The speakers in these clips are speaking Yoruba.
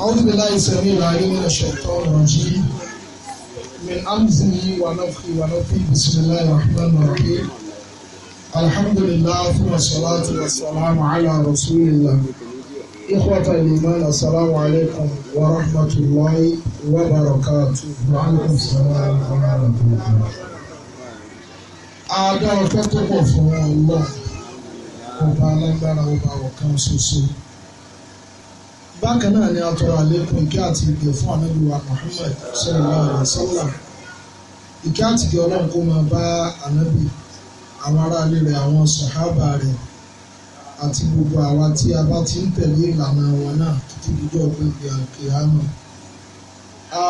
أعوذ بالله السميع العليم من الشيطان الرجيم من أمزه ونفخي ونفخي بسم الله الرحمن الرحيم الحمد لله ثم الصلاة والسلام على رسول الله إخوة الإيمان السلام عليكم ورحمة الله وبركاته وعليكم السلام ورحمة الله Adá ọpẹ́ tó pọ̀ fún ọlọ́run, ọba bákan náà ni a tọrọ àlékún ìkẹ́ àti ìgbẹ́ fún ànábì wa Muhammad sallallahu alaihi wasallam ìkẹ́ àti ìgbẹ́ ọlọ́run kó máa bá ànábì àwọn aráalé rẹ̀ àwọn sọ̀hábà rẹ̀ àti gbogbo àwa tí a bá ti ń tẹ̀lé ìlànà wọn náà títí dúdú ọ̀gbìn ìgbà kìhámà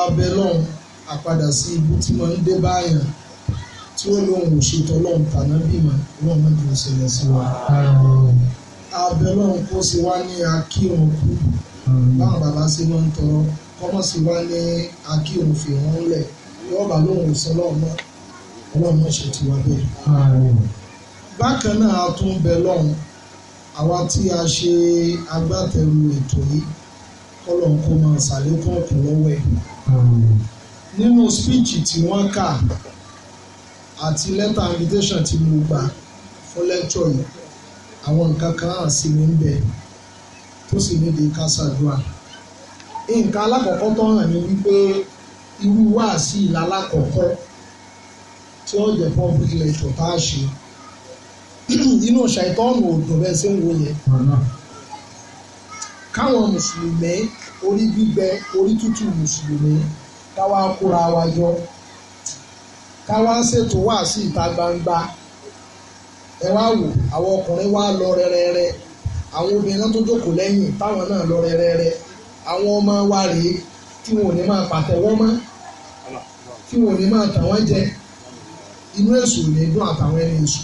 abẹ lọ́hùn àpadà sí ibú tí wọ́n ń dé báyàn tí wọ́n lòun ò ṣètò ọlọ́run tànábì mọ́ ọlọ́run mẹ́jọ ìṣẹ̀lẹ̀ sí wa abẹ lọ́hùn kó sì wá ní akírun kú báwọn bàbá ṣe máa ń tọrọ kọ́mọ̀ sí wá ní akí òun fi wọ́n lẹ̀ yóò bá lóun sọ lọ́mọ ọlọ́mọ ṣe ti wá bẹ́ẹ̀. bákan náà a tún bẹ lọ́hùn àwa tí a ṣe agbátẹrù ètò yìí kọ́lọ̀ kó máa ṣàlékún ọ̀pọ̀ lọ́wọ́ ẹ̀. nínú spíìchì tí wọ́n kà àti lẹ́tà invitation tí mo gbà fún lẹ́tọ̀ yìí àwọn nǹkan kan hàn ń bẹ̀rẹ̀ ó sì níbi di ṣàdúrà nǹkan alákọ̀ọ́kọ́ tó hàn ní wípé irú wáàsí ìlà alákọ̀ọ́kọ́ tí ó jẹ public lecture tá a ṣe inú ṣàìtọ́ọ̀nù òdò bẹ́ẹ̀ sí ń wo yẹn káwọn mùsùlùmí orí gbígbẹ orí tútù mùsùlùmí kóra wa ṣètò wáàsí ìta gbangba wá wò àwọn ọkùnrin wá lọ rẹrẹrẹ. àwọn obìnrin náà tó jókòó lẹ́yìn táwọn náà lọ rẹ́rẹ́rẹ́ àwọn ọmọ wa rèé tí wọn ò ní máa pàtẹ́wọ́ mọ́ tí wọn ò ní máa tà wọ́n jẹ inú èṣù ní dùn àtàwọn ẹni èṣù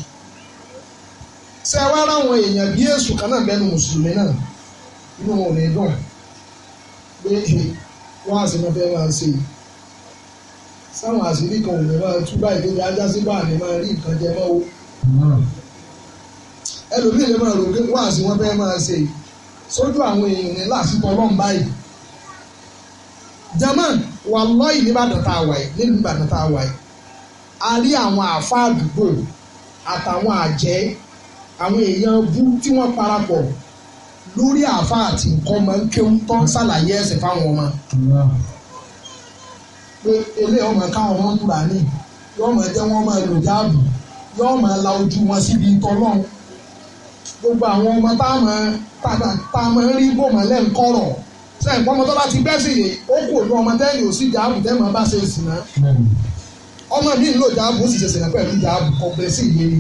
ṣé ẹ wá ráwọn èèyàn bí èṣù kan náà bẹ́nu mùsùlùmí náà inú wọn ò ní dùn pé wọ́n á sì máa fẹ́ máa ṣe yìí sáwọn àṣírí kan ò ní máa túbà ìdíje ajá báà ní máa rí nǹkan jẹ mọ́ o ẹlòmíì lè máa rò pé wáàsí wọn fẹ́ máa ṣe sójú àwọn èèyàn ní lásìkò ọlọ́run báyìí jama wà lọ́yìn nìbàdàn tá a wà yìí nílùú Ìbàdàn tá a wà yìí a rí àwọn àfa àdúgbò àtàwọn àjẹ́ àwọn èèyàn bú tí wọ́n parapọ̀ lórí àfa àti nǹkan máa ń kéwú tán ṣàlàyé ẹ̀sìn fáwọn ọmọ pé ilé ọmọ káwọn ọmọ ń gbà ní yọọ máa jẹ máa lò jáàbù yọọ la ojú wọn síbi tọlọ́run gbogbo àwọn ọmọ tá a máa tá a máa rí bò mọ́lẹ̀ ń kọ̀rọ̀ sẹ́yìn pọ́nmọ́ tó bá ti bẹ́sì yé ó kò ní ọmọ tẹ́yìn ò sí jáàbù tẹ́yìn máa bá ṣe sìn náà ọmọ mi ń lò jáàbù ó sì ṣe sìnà pẹ̀lú jáàbù kọ̀ọ̀bẹ sí yé ni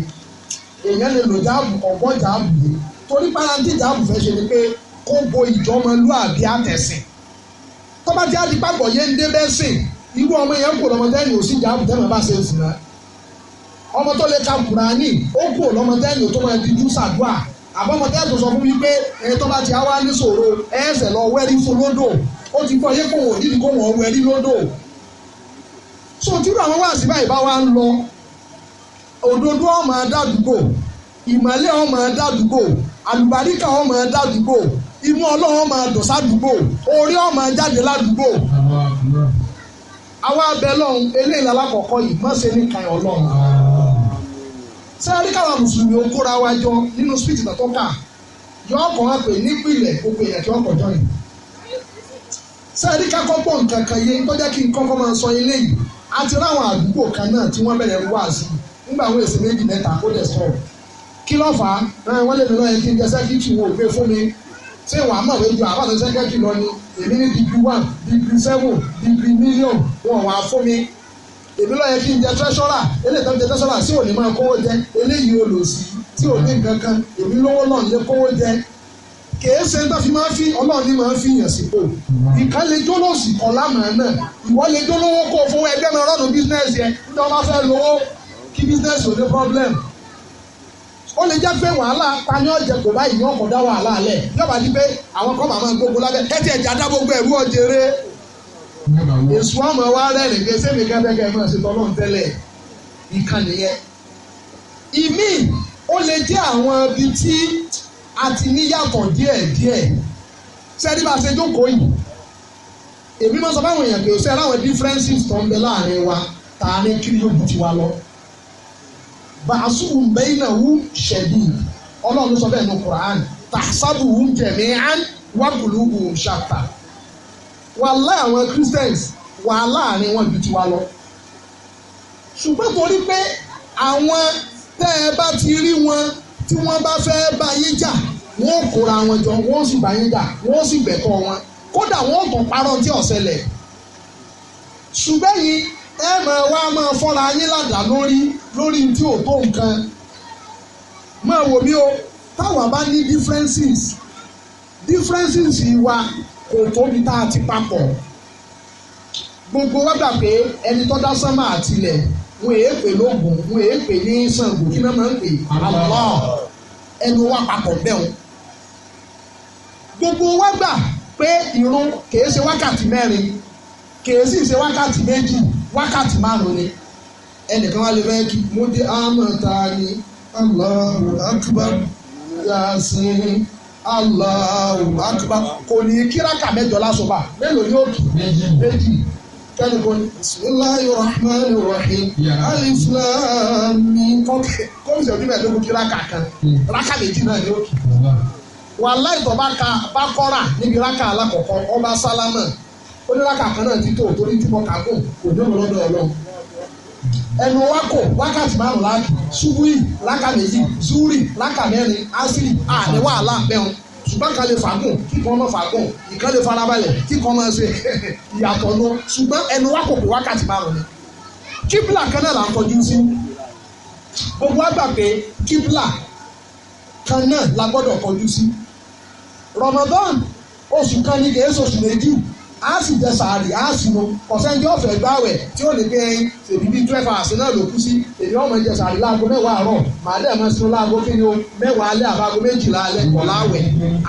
èèyàn lè lò jáàbù ọ̀gbọ́n jáàbù yé torí parantí jáàbù fẹ́ ṣe ni pé kó bo ìjọmọlúàbí àtẹ̀sìn tó bá ti á di pàgbọ̀ yé ń dé bẹ́sìn irú ọmọ yẹn kò lọ́mọ tẹ́yìn ò sí jáàbù tẹ́yìn bá ṣe sìn náà ọmọ tó lè ka kùránì ó kò lọ́mọ tẹ́yìn ò tó máa di jù àbọ̀mọ̀ tẹ́sán sọ fún mi pé ẹni tó bá ti wá ní sòro ẹ̀ẹ́sẹ̀ lọ wẹ́rí fún lódò ó ti gbọ́ yé kò wò nídìí kó wọ́n wẹ́rí lódò so tírú àwọn wáàsí báyìí bá wa ń lọ òdodo ọmọ adádùgbò ìmọ̀lẹ́ ọmọ adádùgbò àlùbáríkà ọmọ adádùgbò imú ọlọ́run ọmọ adòsádùgbò orí ọmọ jáde ládùgbò àwa abẹ lọ́hùn eléyìí lálákọ̀ọ́kọ́ yìí mọ́sẹ̀ ní kan sẹ́ẹ̀rí káwọn mùsùlùmí ó kóra wa jọ nínú spíìtì tó kà yọ ọkọ̀ hàn pé nípìnlẹ̀ gbogbo èèyàn kí ọkọ̀ jọ yìí sẹ́ẹ̀rí kákọ́ pọ̀ nǹkan kan yé tó jẹ́ kí n kọ́kọ́ máa sọ eléyìí àti ráwọn àdúgbò kan náà tí wọ́n bẹ̀rẹ̀ wá sí i nígbà àwọn èsì méjì mẹ́ta ó dẹ̀ sọ̀rọ̀ kí ló fà á wọ́n lè lọ́yẹ kí n jẹ́ sẹ́kítì wo òfin fún mi ṣé wàá mọ̀ lójú àbátan sẹ́kẹ́tì lọ ni èmi ní dìgbì one dìgbì seven dìgbì million wọn wàá fún mi èmi lọ́ọ́ yẹ kí n jẹ tẹ́sọ́rà eléyìí tó ń jẹ tẹ́sọ́rà sí òní máa kówó jẹ eléyìí olòṣì tí ò ní nǹkan kan èmi lówó náà lè kówó jẹ kèé ṣe ń tọ́fi máa fi ọlọ́ọ̀ni máa fi yàn sípò ìkan lè jó lòsì kọ́ lámàá náà ìwọ lè jó lówó kó o fowó ẹgbẹ́ mi rọ́ọ̀nù bísínẹ́sì yẹn níta wọn bá fẹ́ lówó kí bísínẹ́sì ò ní problem ó lè jẹ́ pé wàhálà tani ọ̀jẹ̀ kò báyìí ní ọkọ̀ dá wàhálà lẹ̀ yọ̀bá di pé àwọn kọ́ màmá gbogbo lábẹ́ ẹ ti ẹ̀jẹ̀ adá gbogbo ẹ̀rú ọ̀jẹ̀rẹ̀ èsù ọmọ wa rẹ́rìn kí ẹsẹ̀ mi kẹ́kẹ́ máa ṣe tọ́lọ́ tẹ́lẹ̀ ìkànnì yẹn. ìmí ó lè jẹ́ àwọn ibi tí a ti níyàtọ̀ díẹ̀ díẹ̀ sẹ́ni bá ṣe jókòó yìí èmi máa sọ fáwọn èèyàn pé ó ṣe aláwọ̀ differences tó ń bẹ láàrin wa tààrin kiri yóò ju tiwa lọ. bàásù mbẹ́yìnà wù ṣẹ̀dí ọlọ́run sọ bẹ́ẹ̀ ní Quran tàṣàbù wù jẹ̀mí án wàgùlù wù ṣàtà wàhálà àwọn Christians wàhálà àárín wọn ju tiwa lọ ṣùgbọ́n torí pé àwọn tẹ́ ẹ bá ti rí wọn tí wọ́n bá fẹ́ bá yín jà wọ́n kóra wọn jọ wọ́n sì bá yín jà wọ́n sì gbẹ̀kọ́ wọn kódà wọ́n tún parọ́ tí ọ̀sẹ̀lẹ̀ ṣùgbọ́n yìí ẹ máa wá máa fọ́ra yín ládàá lórí lórí tí ò tó nǹkan máa wò mí o táwa bá ní differences differences wa kò tóbi tá a ti papọ̀ gbogbo wa gbà pé ẹni tó dá sánmà àtilẹ̀ wọn èé pè lóògùn wọn èé pè ní Ṣàngó kí náà máa ń pè àlọ́ ẹnu wa papọ̀ bẹ́ẹ̀ gbogbo wa gbà pé ìrun kìí ṣe wákàtí mẹ́rin kìí sì ṣe wákàtí méjì wákàtí márùn ni ẹnìkan wá lè fẹ́ kí mo dé àmọ́ ta ni Allahu Akbar Yasin. Allahu akbar kò ní kíraka mẹ́jọ lásùbà mélòó ni ó kì méjì kẹ́ni kò ní. bisimilayi rahman rahim alifilami kọ́mísì ọdún mẹ́ẹ̀ẹ́dógún kíraka kan hmm. raka méjì náà ni ó kì. wàláì tó bá ka bá kọ́ra níbi raka alákọ̀ọ́kọ́ ọba sálámà oníraka kan náà ti tó torí tí mo kà gùn kò ní ọ̀rọ̀ lọ́dọ̀ ọlọ́run ẹnu wákò wákàtí márùn láàkì ṣubúì láka méjì zúrì láka mẹ́rin ásírì àní wàhálà mẹ́rin ṣùgbọ́n kan lè fàágùn kíkan ọmọ fàágùn ìkan lè farabalẹ̀ kíkan ọmọ ṣe ìyàtọ̀ lọ ṣùgbọ́n ẹnu wákò kò wákàtí márùn ni kíbla kan náà là ń kọjú sí gbogbo àgbà pé kíbla kan náà la gbọ́dọ̀ kọjú sí Ramadan oṣù kan ní kèé oṣù méjì a sì jẹ sàárì á sì mo kọ̀sẹ́ńtì ọ̀fẹ́ gbáwẹ̀ tí ó lè gbé ẹyin ṣèbí bíi twelve hours náà ló kú sí èmi ọmọ jẹ sàárì láago mẹ́wàá àárọ̀ màá dẹ̀ mọ́ sínú láago kí ni o mẹ́wàá alẹ́ àbágo méjìlá alẹ́ kọ̀lá àwẹ̀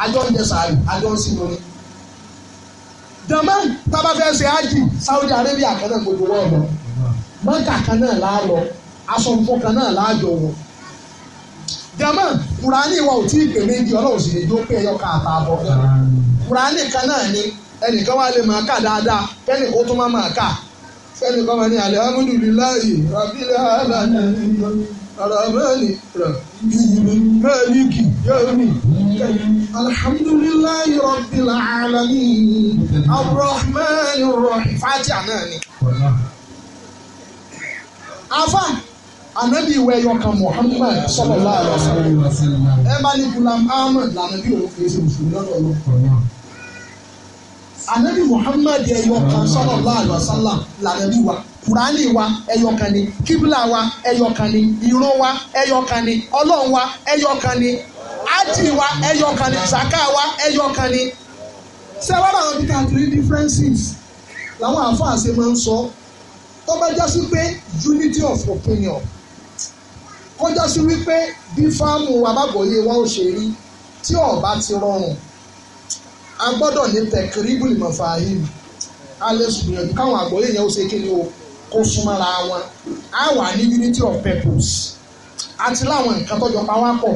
àjọ ń jẹ sàárì àjọ ń sinmi ni. jọ̀mọ́ tábà fẹ́ ṣe Saudi Arabia kan náà gbogbo wọ́ọ̀ lọ mọ́kà kan náà láàlọ́ aṣọ kan náà láàjọ wọn kurani wa ò tí ì pè méjì ọlọ́run sì lè kurani kan ẹnìkan wá lè máa kà dáadáa kẹ́nì kó tún má máa kà kẹ́nì kan máa ní alihamudulilayi rabilẹ̀ alani ramani rabiliki yomi alihamudulilayi rabilẹ̀ alani abdulrahman rahim fatiha náà ni. afam anabi ìwé ẹyọkan muhammad sallallahu alaihi wasallam ẹ bá ní gulam ahmed lànà bí òun kì í ṣe mùsùlùmí anabi muhammad ẹyọ kan ah. sallallahu alaihi wasallam lànàbí wa kùránì wa ẹyọ kan ni kibla wa ẹyọ kan ni ìrun wa ẹyọ kan ni ọlọ́run wa ẹyọ kan ni ájì wa ẹyọ kan ni zaka wa ẹyọ kan ni. sẹ́wọ́n àwọn the three differences làwọn àfáàṣe máa ń sọ tó bá jásí pé unity of opinion kọjá sí wípé bí fáàmù abábọ̀yé wọn ò ṣe rí tí ọba ti rọrùn a gbọ́dọ̀ ní tẹ̀kìrìbùlì mọ̀fàáhìm a lè gbìyànjú káwọn àgbọ̀yé yẹn ó ṣe kí ni o kó súnmọ́ra wọn a wà ní unity of purpose àti láwọn nǹkan tọ́jọ pa wá pọ̀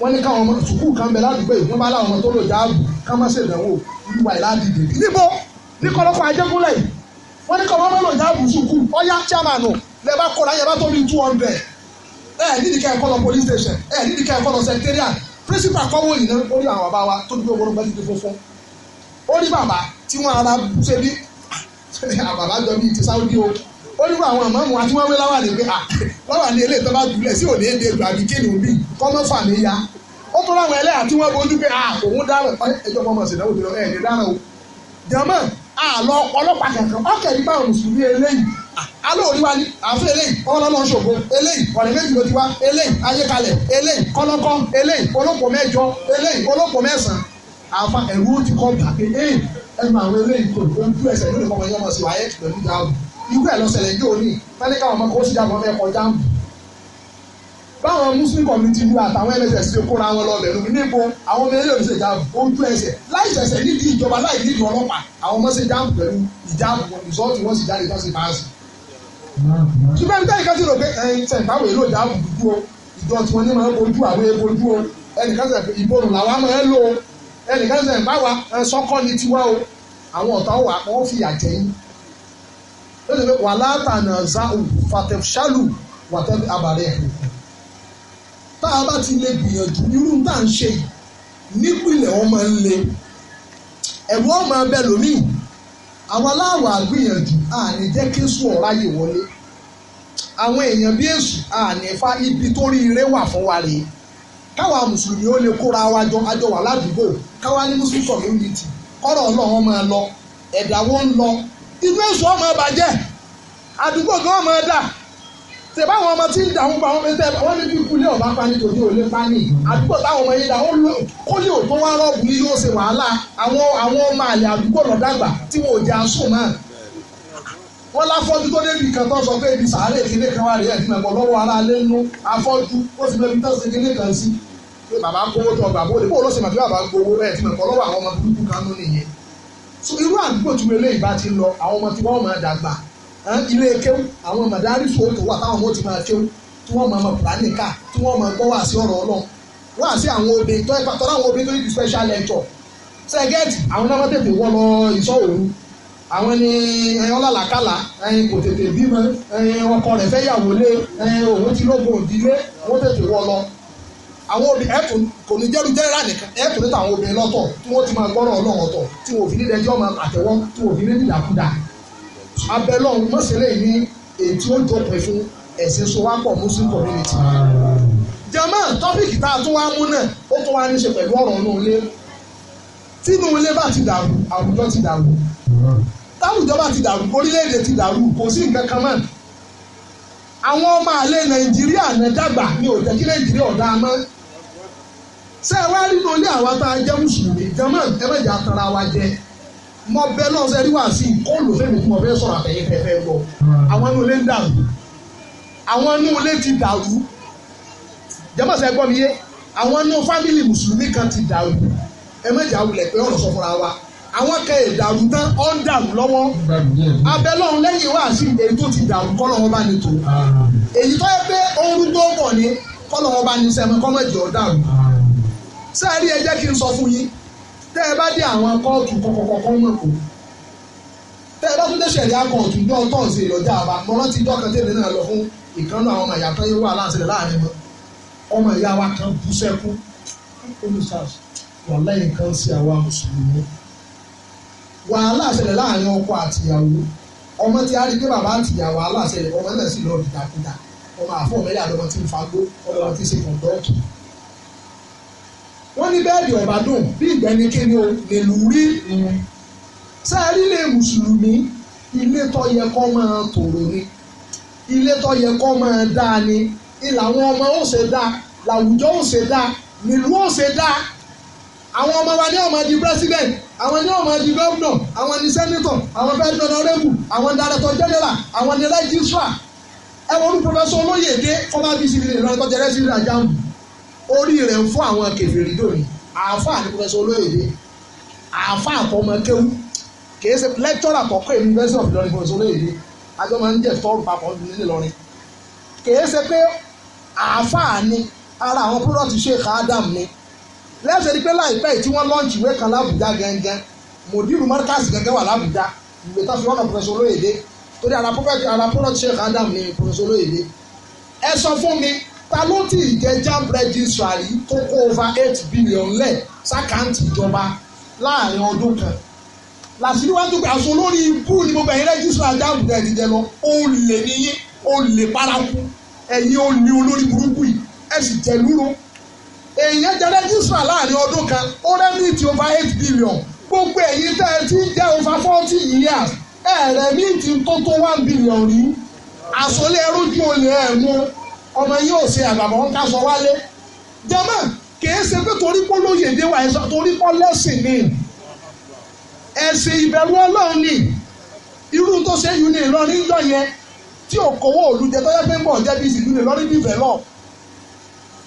wọ́n ní káwọn ọmọ sùkúù kan bẹ ládùúgbò yìí wọ́n bá láwọn ọmọ tó lò jáàbù ká má ṣèdánwò wíwá ìládìdè níbo ní kọlọ́pàá ajégúnlẹ̀ yìí wọ́n ní káwọn ọmọ lò jáàbù sùkúù ọ̀yá chairman lè bá kọ́ra yẹn bá tó bí two hundred ẹ̀ nídìí ká ẹ̀kọ́ lọ police station ẹ̀ nídìí ká ẹ̀kọ́ lọ secretariat pírísìpà kọ́wọ́ yìí náà ó rí àwọn bàbá wa tó dúró wọ́n gbẹ́jú tó fọ́fọ́ ó rí bàbá tí wọ́n ara ṣe bí àbàbà jọ bíi ti sáwọ́dí o ó rí àwọn àmọ́mù àti wọ́n wé láwà ah, ní pé láwà ní ilé ìtọ́ bá dùlẹ̀ sí òní èdè èdè àbí kéde òbí kọ́mọ́fà ní ya ó tó láwọn ẹlẹ́yà tí wọ́n bojú pé ah, òun dáràn ẹjọ́ mọ́mọ́ sí ìdánwò tó lọ ẹ̀ẹ́dẹ̀ dáràn o jẹ́mọ́ àlọ́ ọlọ́pàá kankan ọ̀kẹ́ alóòrí wa ni àfẹ eléyìí ọlọ́lọ́ ṣògo eléyìí ọ̀rẹ́ méjì ló ti wá eléyìí ayékalẹ̀ eléyìí kọ́lọ́kọ́ eléyìí olóko mẹ́jọ eléyìí olóko mẹ́sàn-án àfa ẹ̀rú ti kọ́ gbà pé ẹ ẹ máa wọ eléyìí tó ojú ẹsẹ̀ ló lè mọ̀ ẹ̀yẹ́ mọ̀ sí wáyé pẹ̀lú jáàmù irú ẹ̀ lọ́sẹ̀lẹ̀ yóò ní fẹ́lẹ́ káwọn ọmọ kó sì jáàmù ọmọ ẹ̀kọ́ jáàmù. báwọn muslim community lu àtàwọn mss ti kóra wọn lọ bẹ̀rù níbo àwọn ọmọ eléyìí ṣe jáàmù ojú ẹsẹ̀ láì ṣẹ̀ṣẹ̀ nídìí ìjọba láì nídìí ọlọ́pàá àwọn ọmọ ṣe jáàmù pẹ̀lú ìjáàmù ìṣọ́ọ̀tì wọn sì jáde tó ṣe máa sùn ṣùgbọ́n níta ìka sí lòdì ẹ̀yìn tẹ̀ báwo èlò ìdáàbò dúdú o ìjọ tí wọ́n ní máa ń bojú àwọn epo dúdú o ẹnìkan sẹ̀ ìbòrò làwọn máa ń lò o ẹnìkan sẹ̀ báwa sọ́kọ́ ni tiwa o àwọn ọ̀tá wà wọ́n fi yà jẹ́ yín ó sì pé wàhálà tànà záù fàtẹ̀ṣálù wàtẹ́bí abàrẹ́ ẹ̀ tá a bá ti lè gbìyànjú irú tá à ń ṣe nípìnlẹ̀ ọmọ ń le ẹ̀rù ọmọ abẹ lòmíì àwọn aláwọ̀ àgbìyànjú àní jẹ́ kí sùn ọ̀ráyè wọlé àwọn èèyàn bí èṣù àní fa ibi tó rí ire wà fún wa rèé káwa mùsùlùmí ó lè kóra wa jọ àjọ wà ládùúgbò káwa ní muslim community kọ́rọ̀ ọlọ́run máa lọ ẹ̀dáwó ń lọ inú ọmọ bàjẹ́ àdúgbò gan máa dà tẹ̀bá àwọn ọmọ tí ń dà ń pa àwọn ẹgbẹ́ wọn ní kíkú lé ọ̀bá pa nítorí òlé pa ní àdúgbò táwọn ọmọ yìí dà ó lò kó lè ò tó wá rọ́ọ̀bù yìí ló ṣe wàhálà àwọn àwọn ọmọ àlè àdúgbò lọ́dàgbà tí wọn ò jẹ aṣọ náà. wọ́n láfọ́jú tó débi kan tó sọ pé ibi sàárè kílé kan wà rí ẹ̀ fún ẹ̀kọ́ lọ́wọ́ ara lé nú afọ́jú ó sì mẹ́bi tó ṣe kílé kan sí. pé bàbá gbowó tó bàbá olè bóòló sì mà fi bàbá gbowó ẹ̀ fún ẹ̀kọ́ lọ́wọ́ àwọn ọmọ burúkú kan nú nìyẹn. irú àdúgbò tí wọ́n eléyìí bá ti lọ àwọn ọmọ tí ilé kéwù àwọn màdárì fòótò wà táwọn ọmọ ti máa kéwù tí wọ́n máa mọ pìlánìkà tí wọ́n máa gbọ́ wàásí ọ̀rọ̀ ọlọ́run wàásí àwọn obìnrin tó ẹ̀pà tọ́lá àwọn obìnrin tó ní special lecture sẹ́gẹ́ẹ̀tì àwọn náà tètè wọ́ lọ ìṣọ́ òru àwọn ni ọlọ́làkàlà kò tètè bímọ ọkọ rẹ̀ fẹ́ yàwó lé òun ti lóògùn òdìlé wọ́n tètè wọ́ lọ àwọn obìnrin ẹ̀tún kò ní jẹ́rú jẹ́rẹ́rà nìkan ẹ̀tún níta àwọn obìnrin lọ́tọ̀ tí wọ́n ti máa gbọ́rọ̀ ọlọ́run ọ̀tọ̀ tí wọ́n fi ní ìdẹjọ́ máa àtẹ̀wọ́ tí wọ́n fi ní ìdàkúdà abẹ́lọ́ mọ́sẹ̀lẹ̀ ní ètí ó jọpẹ́ fún ẹ̀sìn sowápọ̀ muslim community. jama tọ́pìkì tá a tún wá mú náà ó tún wá ní ṣe pẹ̀lú ọ̀rọ̀ inú ilé tínú ilé bá ti dàrú àwùjọ ti dàrú táwùjọ bá ti dàrú orílẹ̀-èdè ti dàrú kò sí nǹkan kan mọ́ àwọn ọmọ àlè nàìjíríà náà dàgbà ní òjẹ́ kí nàìjíríà ọ̀dà mọ́ ṣé ẹ wá nínú ilé àwa tá a jẹ́ mùsùlùmí jama ẹ má jà tara wa jẹ́ mo bẹ náà ṣe rí wá sí kó lò fẹ́mi tí mo fẹ́ sọ̀rọ̀ àtẹ̀yìn fẹ́fẹ́ gbọ́ àwọn inú ilé ń dàrú àwọn inú ilé ti dàrú jẹ́mọ̀ sẹ́ gbọ́ mi yé àwọn inú fámìlì mùsùlùmí kan ti dàrú ẹ méjì àwùlẹ̀ pé ọ̀rọ̀ sọ fúnra wa àwọn kẹ ìdàrú tán ọ̀ ń dàrú lọ́wọ́ abẹ náà lẹ́yìn wá sí èyí tó ti dàrú kọ́ lọ́wọ́ bá ní tò èyí tó yẹ pé ohun tó bọ̀ ni kọ́ lọ́wọ́ bá ní sẹ́mi kọ́mọ̀jì ọ̀ dàrú sẹ́ẹ̀rí ẹ jẹ́ kí n sọ fún yín tẹ́ ẹ bá dé àwọn kóòtù kọ̀kọ̀kọ̀kọ̀ mọ̀ kó tẹ́ ẹ bá tún dé sẹ̀rí akọ̀ọ̀tù ní ọ̀tọ̀ ọ̀sẹ̀ ìyọ̀jà àbá mọ́ rántí ìjọ kan tẹ̀lé náà lọ fún ìkànnì àwọn ọmọ ìyá tó yẹ wà láǹsẹ̀ láàrin wọn ọmọ ìyá wa kan bú sẹ́kú olùsàs wàhálà yìí kan sí àwa mùsùlùmí wàhálà ṣẹlẹ̀ láàrin ọkọ àtìyàwó ọmọ tí a rí pé bàbá àtìyàwó wàhálà ṣẹlẹ̀ ọmọ náà sì lọ dìdàkudà ọmọ àfọ̀mẹ́yà lọmọ tí ń fagbó ọmọ tí ń ṣe kọ̀ńdọ́ọ̀tù wọ́n ní bẹ́ẹ̀dì ọ̀bá dùn bí ìgbẹ́ni kíni o lè lù rí sáárì lè mùsùlùmí ilé tó yẹ kó máa tòrò ni ilé tó yẹ kó máa dáa ni ilà àwọn ọmọ ó ṣe dáa làwùjọ ó ṣe dáa nílùú ó ṣe dáa àwọn ọmọ wa ní ọmọ di president àwọn ní ọmọ di governor àwọn ní senator àwọn fẹ́ẹ́ dọ́nà rẹ́bù àwọn director general àwọn ní registrar ẹ wọ́n ní professor olóyèdè former bc ní ìlọrin tó jẹrẹ sí àjàmù orí rẹ̀ ń fún àwọn kẹfìrí dòní àáfà ní pẹ̀sẹ̀ olóyèdè àáfà àkọ́mọ kéwú kìí ṣe lẹ́kítọ́rà àkọ́kọ́ èmi pẹ̀sẹ̀ ọ̀fìlọ́rin pẹ̀sẹ̀ olóyèdè ajọ́ máa ń jẹ́ tọ́ọ̀rù papọ̀ nílẹ̀ lọ́rin kìí ṣe pé àáfà ni ara àwọn púrọ̀tì Sheikh Adam ni lẹ́sẹ̀ ni pé láìpẹ́ tí wọ́n lọ́ọ̀nì ìwé kan lábùjá gẹ́gẹ́ mòdìrú mọ́rkàsì gẹ́gẹ́ wà lábùjá ìgbé tó fi rọ́nà pẹ̀sẹ̀ olóyèdè torí ara púrọ̀tì Sheikh Adam ni pẹ̀sẹ̀ olóyèdè ẹ sọ fún ta ló ti ìjẹ JAMB registrar yìí tó kó over eight billion lẹ̀ sákàǹtì ìjọba láàrin ọdún kan làṣíwájú pé àṣọ lórí ibú ni mo bẹ̀rẹ̀ registrar JAMB rẹ̀ ti jẹ lọ ó lè níyí ó lè paraku ẹ̀yin ó ní olórí burúkú yìí ẹ̀ sì jẹ lúró èèyàn jẹ registrar láàrin ọdún kan ó rẹ́mí ti over eight billion gbogbo ẹ̀yin tẹ́ ẹ ti ń jẹ́ over forty years ẹ̀rẹ̀ mi ti tó tó one billion rí àsọlé ẹrú ju olè ẹ̀ mú ọmọ yìí ò ṣe àlàmọ́ ń ká sọ wálé jama kìí ṣe pé torí pọ́ lóye èdè wa ẹ̀sọ́ torí pọ́ lẹ́sìn ni ẹ̀sìn ìbẹ̀rù ọlọ́run ni irú tó ṣe yìí ní ìlọrin yọ yẹn tí ò kówó òlùjẹ tó yẹ pé ń bọ̀ jẹ́ bí ìsìnkú ní ìlọrin bíbẹ̀ lọ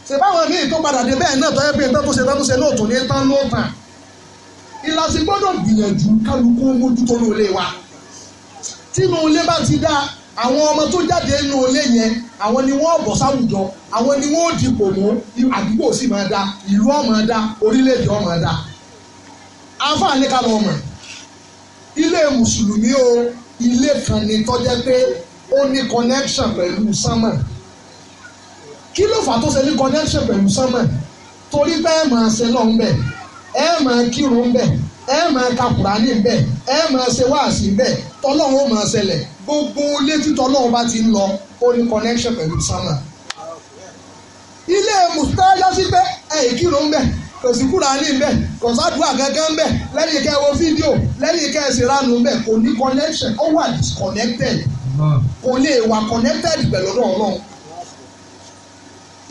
ṣe báwọn míì tó padà dé bẹ́ẹ̀ náà tó yẹ pé ìtọ́ tó ṣe tọ́ tó ṣe lóòtọ́ ní tán lóòtàn ìlàsìn gbọ́dọ̀ gbìyànjú kálukú mójútó ní olè wa tínú ilé bá ti dáa àwọn ọmọ tó jáde nínú ilé yẹn àwọn ni wọ́n bọ̀ sáwùjọ àwọn ni wọ́n dìbò mú àdúgbò sì máa da ìlú ó máa da orílẹ̀-èdè ó máa da àǹfààní ká lọ mọ̀ ilé mùsùlùmí o ilé kan ni tó jẹ́ pé ó ní connection pẹ̀lú sánmà kí ló fà tó ṣe ní connection pẹ̀lú sánmà torí bẹ́ẹ̀ máa ṣe lọ́nbẹ̀ ẹ̀ máa kírun bẹ́ẹ̀ ẹ máa ka kùránì bẹ́ẹ̀ ẹ máa ṣe wáàsí bẹ́ẹ̀ tọ́lọ́run ó máa ṣẹlẹ̀ gbogbo létí tọ́lọ́run bá ti ń lọ ó ní connection pẹ̀lú sánmà. ilé mùsùlùmí sí pé ẹ ìkírò ń bẹ kò sí kùránì ń bẹ kò sádùúrà gángan ń bẹ lẹ́yìn kẹ́ wo fídíò lẹ́yìn kẹ́ ṣe ránu ń bẹ kò ní connection ó wà disconnected kò lè wà connected pẹ̀lú ọlọ́run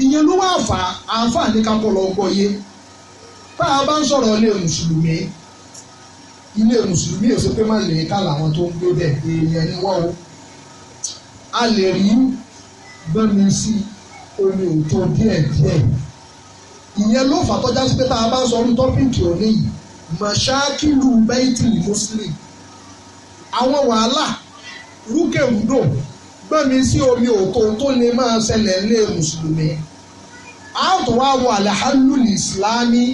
ìyẹn ló wà fà àǹfààní ká kọ́ lọ gbọ́ yé bá a bá ń sọ̀rọ̀ ilé mùsùlùmí ilé mùsùlùmí èso pé má lè ká làwọn tó ń gbé bẹ̀ èèyàn ni wọ́n o a lè rí gbẹ́mi sí omi òótọ́ díẹ̀díẹ̀ ìyẹn ló fà tọ́já sí pé tá a bá sọ orí tọ́pìkì òní yìí mọ̀ṣáàkìlù bẹ́ẹ̀tì muslim àwọn wàhálà rúkèrúdò gbẹ́mi sí omi òótọ́ tó lè máa ṣẹlẹ̀ lé mùsùlùmí a tó wá wọ àlàhálù ìsìlámì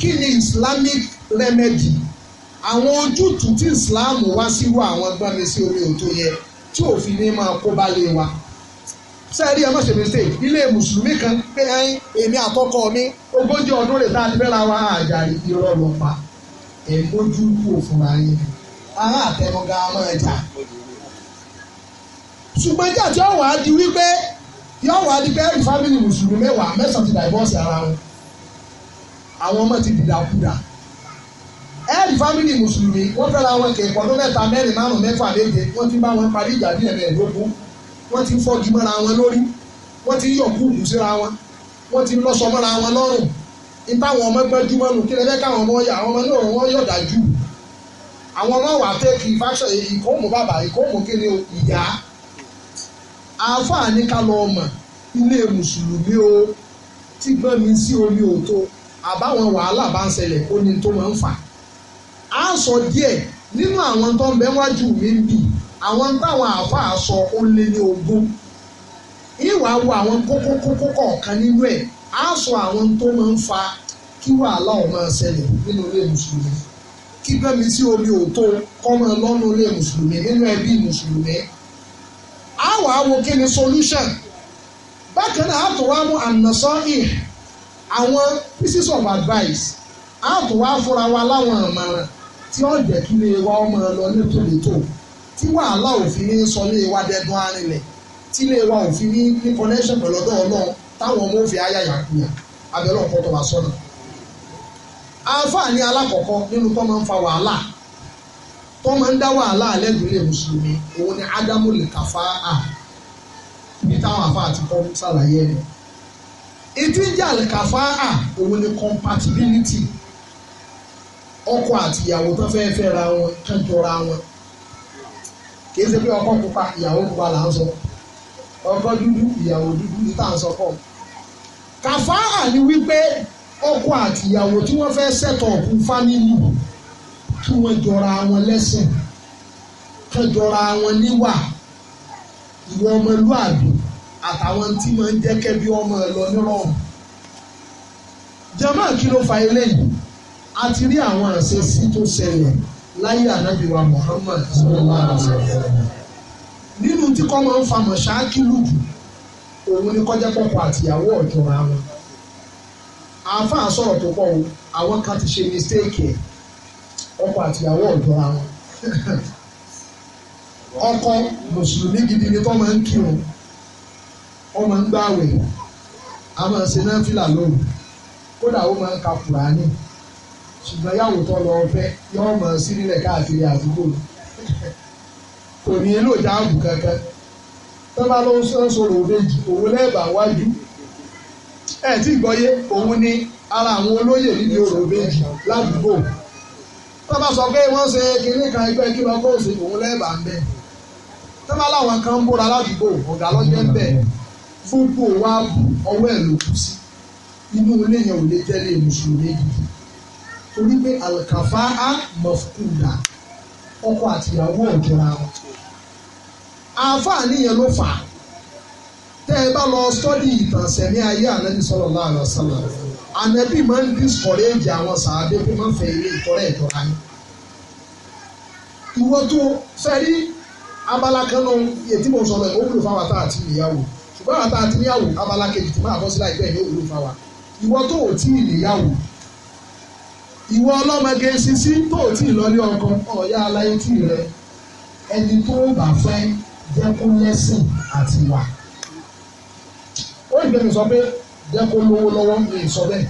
kí ni islamic rẹ́mẹ́dì àwọn ojútùú tí Islam wá sírú àwọn gbọ́nmi sí omi òtó yẹ tí òfin ní máa kó bá lé wa sẹ́ẹ̀rí ẹ má ṣe mistake ilé mùsùlùmí kan pé ẹyin èmi àtọkọ mi ogójì ọdún rẹ̀ tá a ti fẹ́ra wa àjàrí irọ́ lọ pa ẹ̀ mójú kú òfúnra yín ará àtẹnuga máa jà ṣùgbọ́n ìjà tí ọ̀wà di wípé yọ̀wà di pé ẹ̀rí fámìlì mùsùlùmí mẹ́wàá mẹ́sàn-án ti divorce ẹ̀ẹ́dì fámìlì mùsùlùmí wọ́n fẹ́ra wọn kẹ̀kọ́ ọdún mẹ́ta mẹ́rin márùn mẹ́fà méje wọ́n ti bá wọn parí ìjà ní ẹ̀mẹ́ẹ̀dógún wọ́n ti fọ́jú mọ́ra wọn lórí wọ́n ti yọ̀ kúùkù síra wọn wọ́n ti lọ́sọ mọ́ra wọn lọ́rùn ìtàwọn ọmọ gbẹ́jú mọ́nu kí lẹ́lẹ́ káwọn ọmọ yà àwọn ọmọ náà wọ́n yọ̀dà jù àwọn ọmọ wà fẹ́ kí fáṣọ ìkóòmù bàbá ìkóòmù kíni ìyá àáfàá ní ká lọ mọ̀ ilé mùsùlùmí o tí gbọ́n mi sí omi òótọ́ àbáwọn wàhálà bá ń ṣẹlẹ̀ ó ní tó máa ń fà á á sọ díẹ̀ nínú àwọn tó ń bẹ wájú mi ń bì àwọn táwọn àáfàá sọ ó lé ní ogún ìwà wo àwọn kókókókó kọ̀ọ̀kan nínú ẹ̀ á sọ àwọn tó máa ń fa kí wàhálà ọ̀ máa ṣẹlẹ̀ nínú ilé mùsùlùmí kí gbẹ́mi tí omi ò tó kọ́mọ lọ́nu ilé mùsùlùmí nínú ẹbí mùsùlùmí á wàá wo kí ni solution bákan náà àtò wá mú ànàsọ́ ì àwọn pieces of advice àtò wá fúnra wa láwọn àmàràn tí ó jẹ́ kí lè wa ọmọ ẹ lọ létòlétò tí wàhálà òfin ní sọ lè wa dẹdun arinlẹ̀ tí lè wa òfin ní ní connection pẹ̀lú ọ̀dọ̀ Ọlọ́run táwọn ọmọ òfin ayáyà kúnyà abẹ́rẹ́ ọ̀pọ̀ tó wà sọ́nà. àǹfààní alákọ̀ọ́kọ́ nínú tó máa ń fa wàhálà tó máa ń dá wàhálà lẹ́gbẹ̀ẹ́ mùsùlùmí òun ni ádámù lè kàfá à bí táwọn àfa àti kọ́ sàlàyé rẹ̀. ìtìjà lè kàfá à òun ni compatibility ọkọ àti ìyàwó tó fẹ́ fẹ́ ra wọn kán jọra wọn kìí ṣe pé ọkọ pupa ìyàwó pupa là ń sọ ọkọ dúdú ìyàwó dúdú ní tá à ń sọ pọ̀ kàfáà ni wípé ọkọ àti ìyàwó tí wọ́n fẹ́ ṣètò ọ̀pù fámìlì kí wọ́n jọra wọn lẹ́sìn kán jọra wọn níwà ìwọ ọmọlúàbí àtàwọn tí máa ń jẹ́ kẹ́bí ọmọ ẹ̀ lọ nírọ̀rùn jẹ́mọ́ kí ló fa eléyìí a ti rí àwọn àṣesí tó ṣẹlẹ̀ láyé ànábì wa Muhammad sallallahu alaihi wasallam nínú tí kọ́ máa ń fa mọ̀ṣáàkì lùdù òun ni kọjá pọ̀pọ̀ àtìyàwó ọ̀jọ̀ra wọn àáfàá sọ̀rọ̀ tó pọ̀ o àwọn kan ti ṣe mistake ẹ̀ ọkọ àtìyàwó ọ̀jọ̀ra wọn ọkọ mùsùlùmí gidi ni tó máa ń kírun ó máa ń gbààwẹ̀ a máa ṣe náfìlà lóru kódà ó máa ń ka kùránì ṣùgbọ́n yàwó tó lọ fẹ́ yọ́ mọ̀ sí nílẹ̀ káàkiri àdúgbò kò ní èlò jáàbù kankan tó bá ló ń sọ̀rọ̀ òbejì òun lẹ́ẹ̀bà wájú ẹ̀ tí gbọ́yé òun ni ara àwọn olóyè nídìí ọ̀rọ̀ òbejì ládùúgbò tó bá sọ pé wọ́n ṣe kinní kan ẹgbẹ́ kí lọ́kọ́ òsè òun lẹ́ẹ̀bà ń bẹ̀ tó bá láwọn kan ń bóra ládùúgbò ọ̀gá lọ́jẹ́ ń bẹ̀ gbogbo wa ọwọ́ ẹ̀ ló kù sí inú ilé yẹn ò lè jẹ́ lè mùsùlùmí yìí torí pé alkafa a mọ̀fúkúdà ọkọ àti ìyàwó ọ̀jọ̀ra wọn. àǹfààní yẹn ló fà á tẹ́ ẹ bá lọ sọ́dí ìtànsẹ̀mí ayé ànábì sallallahu alaihi wasallam ànábì máa ń discourage àwọn sàádé kó má fẹ́ ilé ìtọ́rẹ́ ìtọ́ra yín. ìwọ tó fẹ́ rí abala kan náà ètí mo sọ̀rọ̀ ó wúlò fáwọn tá àti ìyàwó ṣùgbọ́n àwọn àti ìyàwó abala kejì tí máa bọ́ sí láìpẹ́ ní ó fáwọn ìwọ tó ò tí ì níyàwó ìwọ ọlọ́mọge sisi tó o tí ì lọ ní ọkọ ọ̀ya aláyétì rẹ ẹni tó o bá fẹ́ jẹ́ kó lẹ́sìn àti wà. ó lè bẹ̀rẹ̀ sọ pé jẹ́ kó lówó lọ́wọ́ mi sọ bẹ́ẹ̀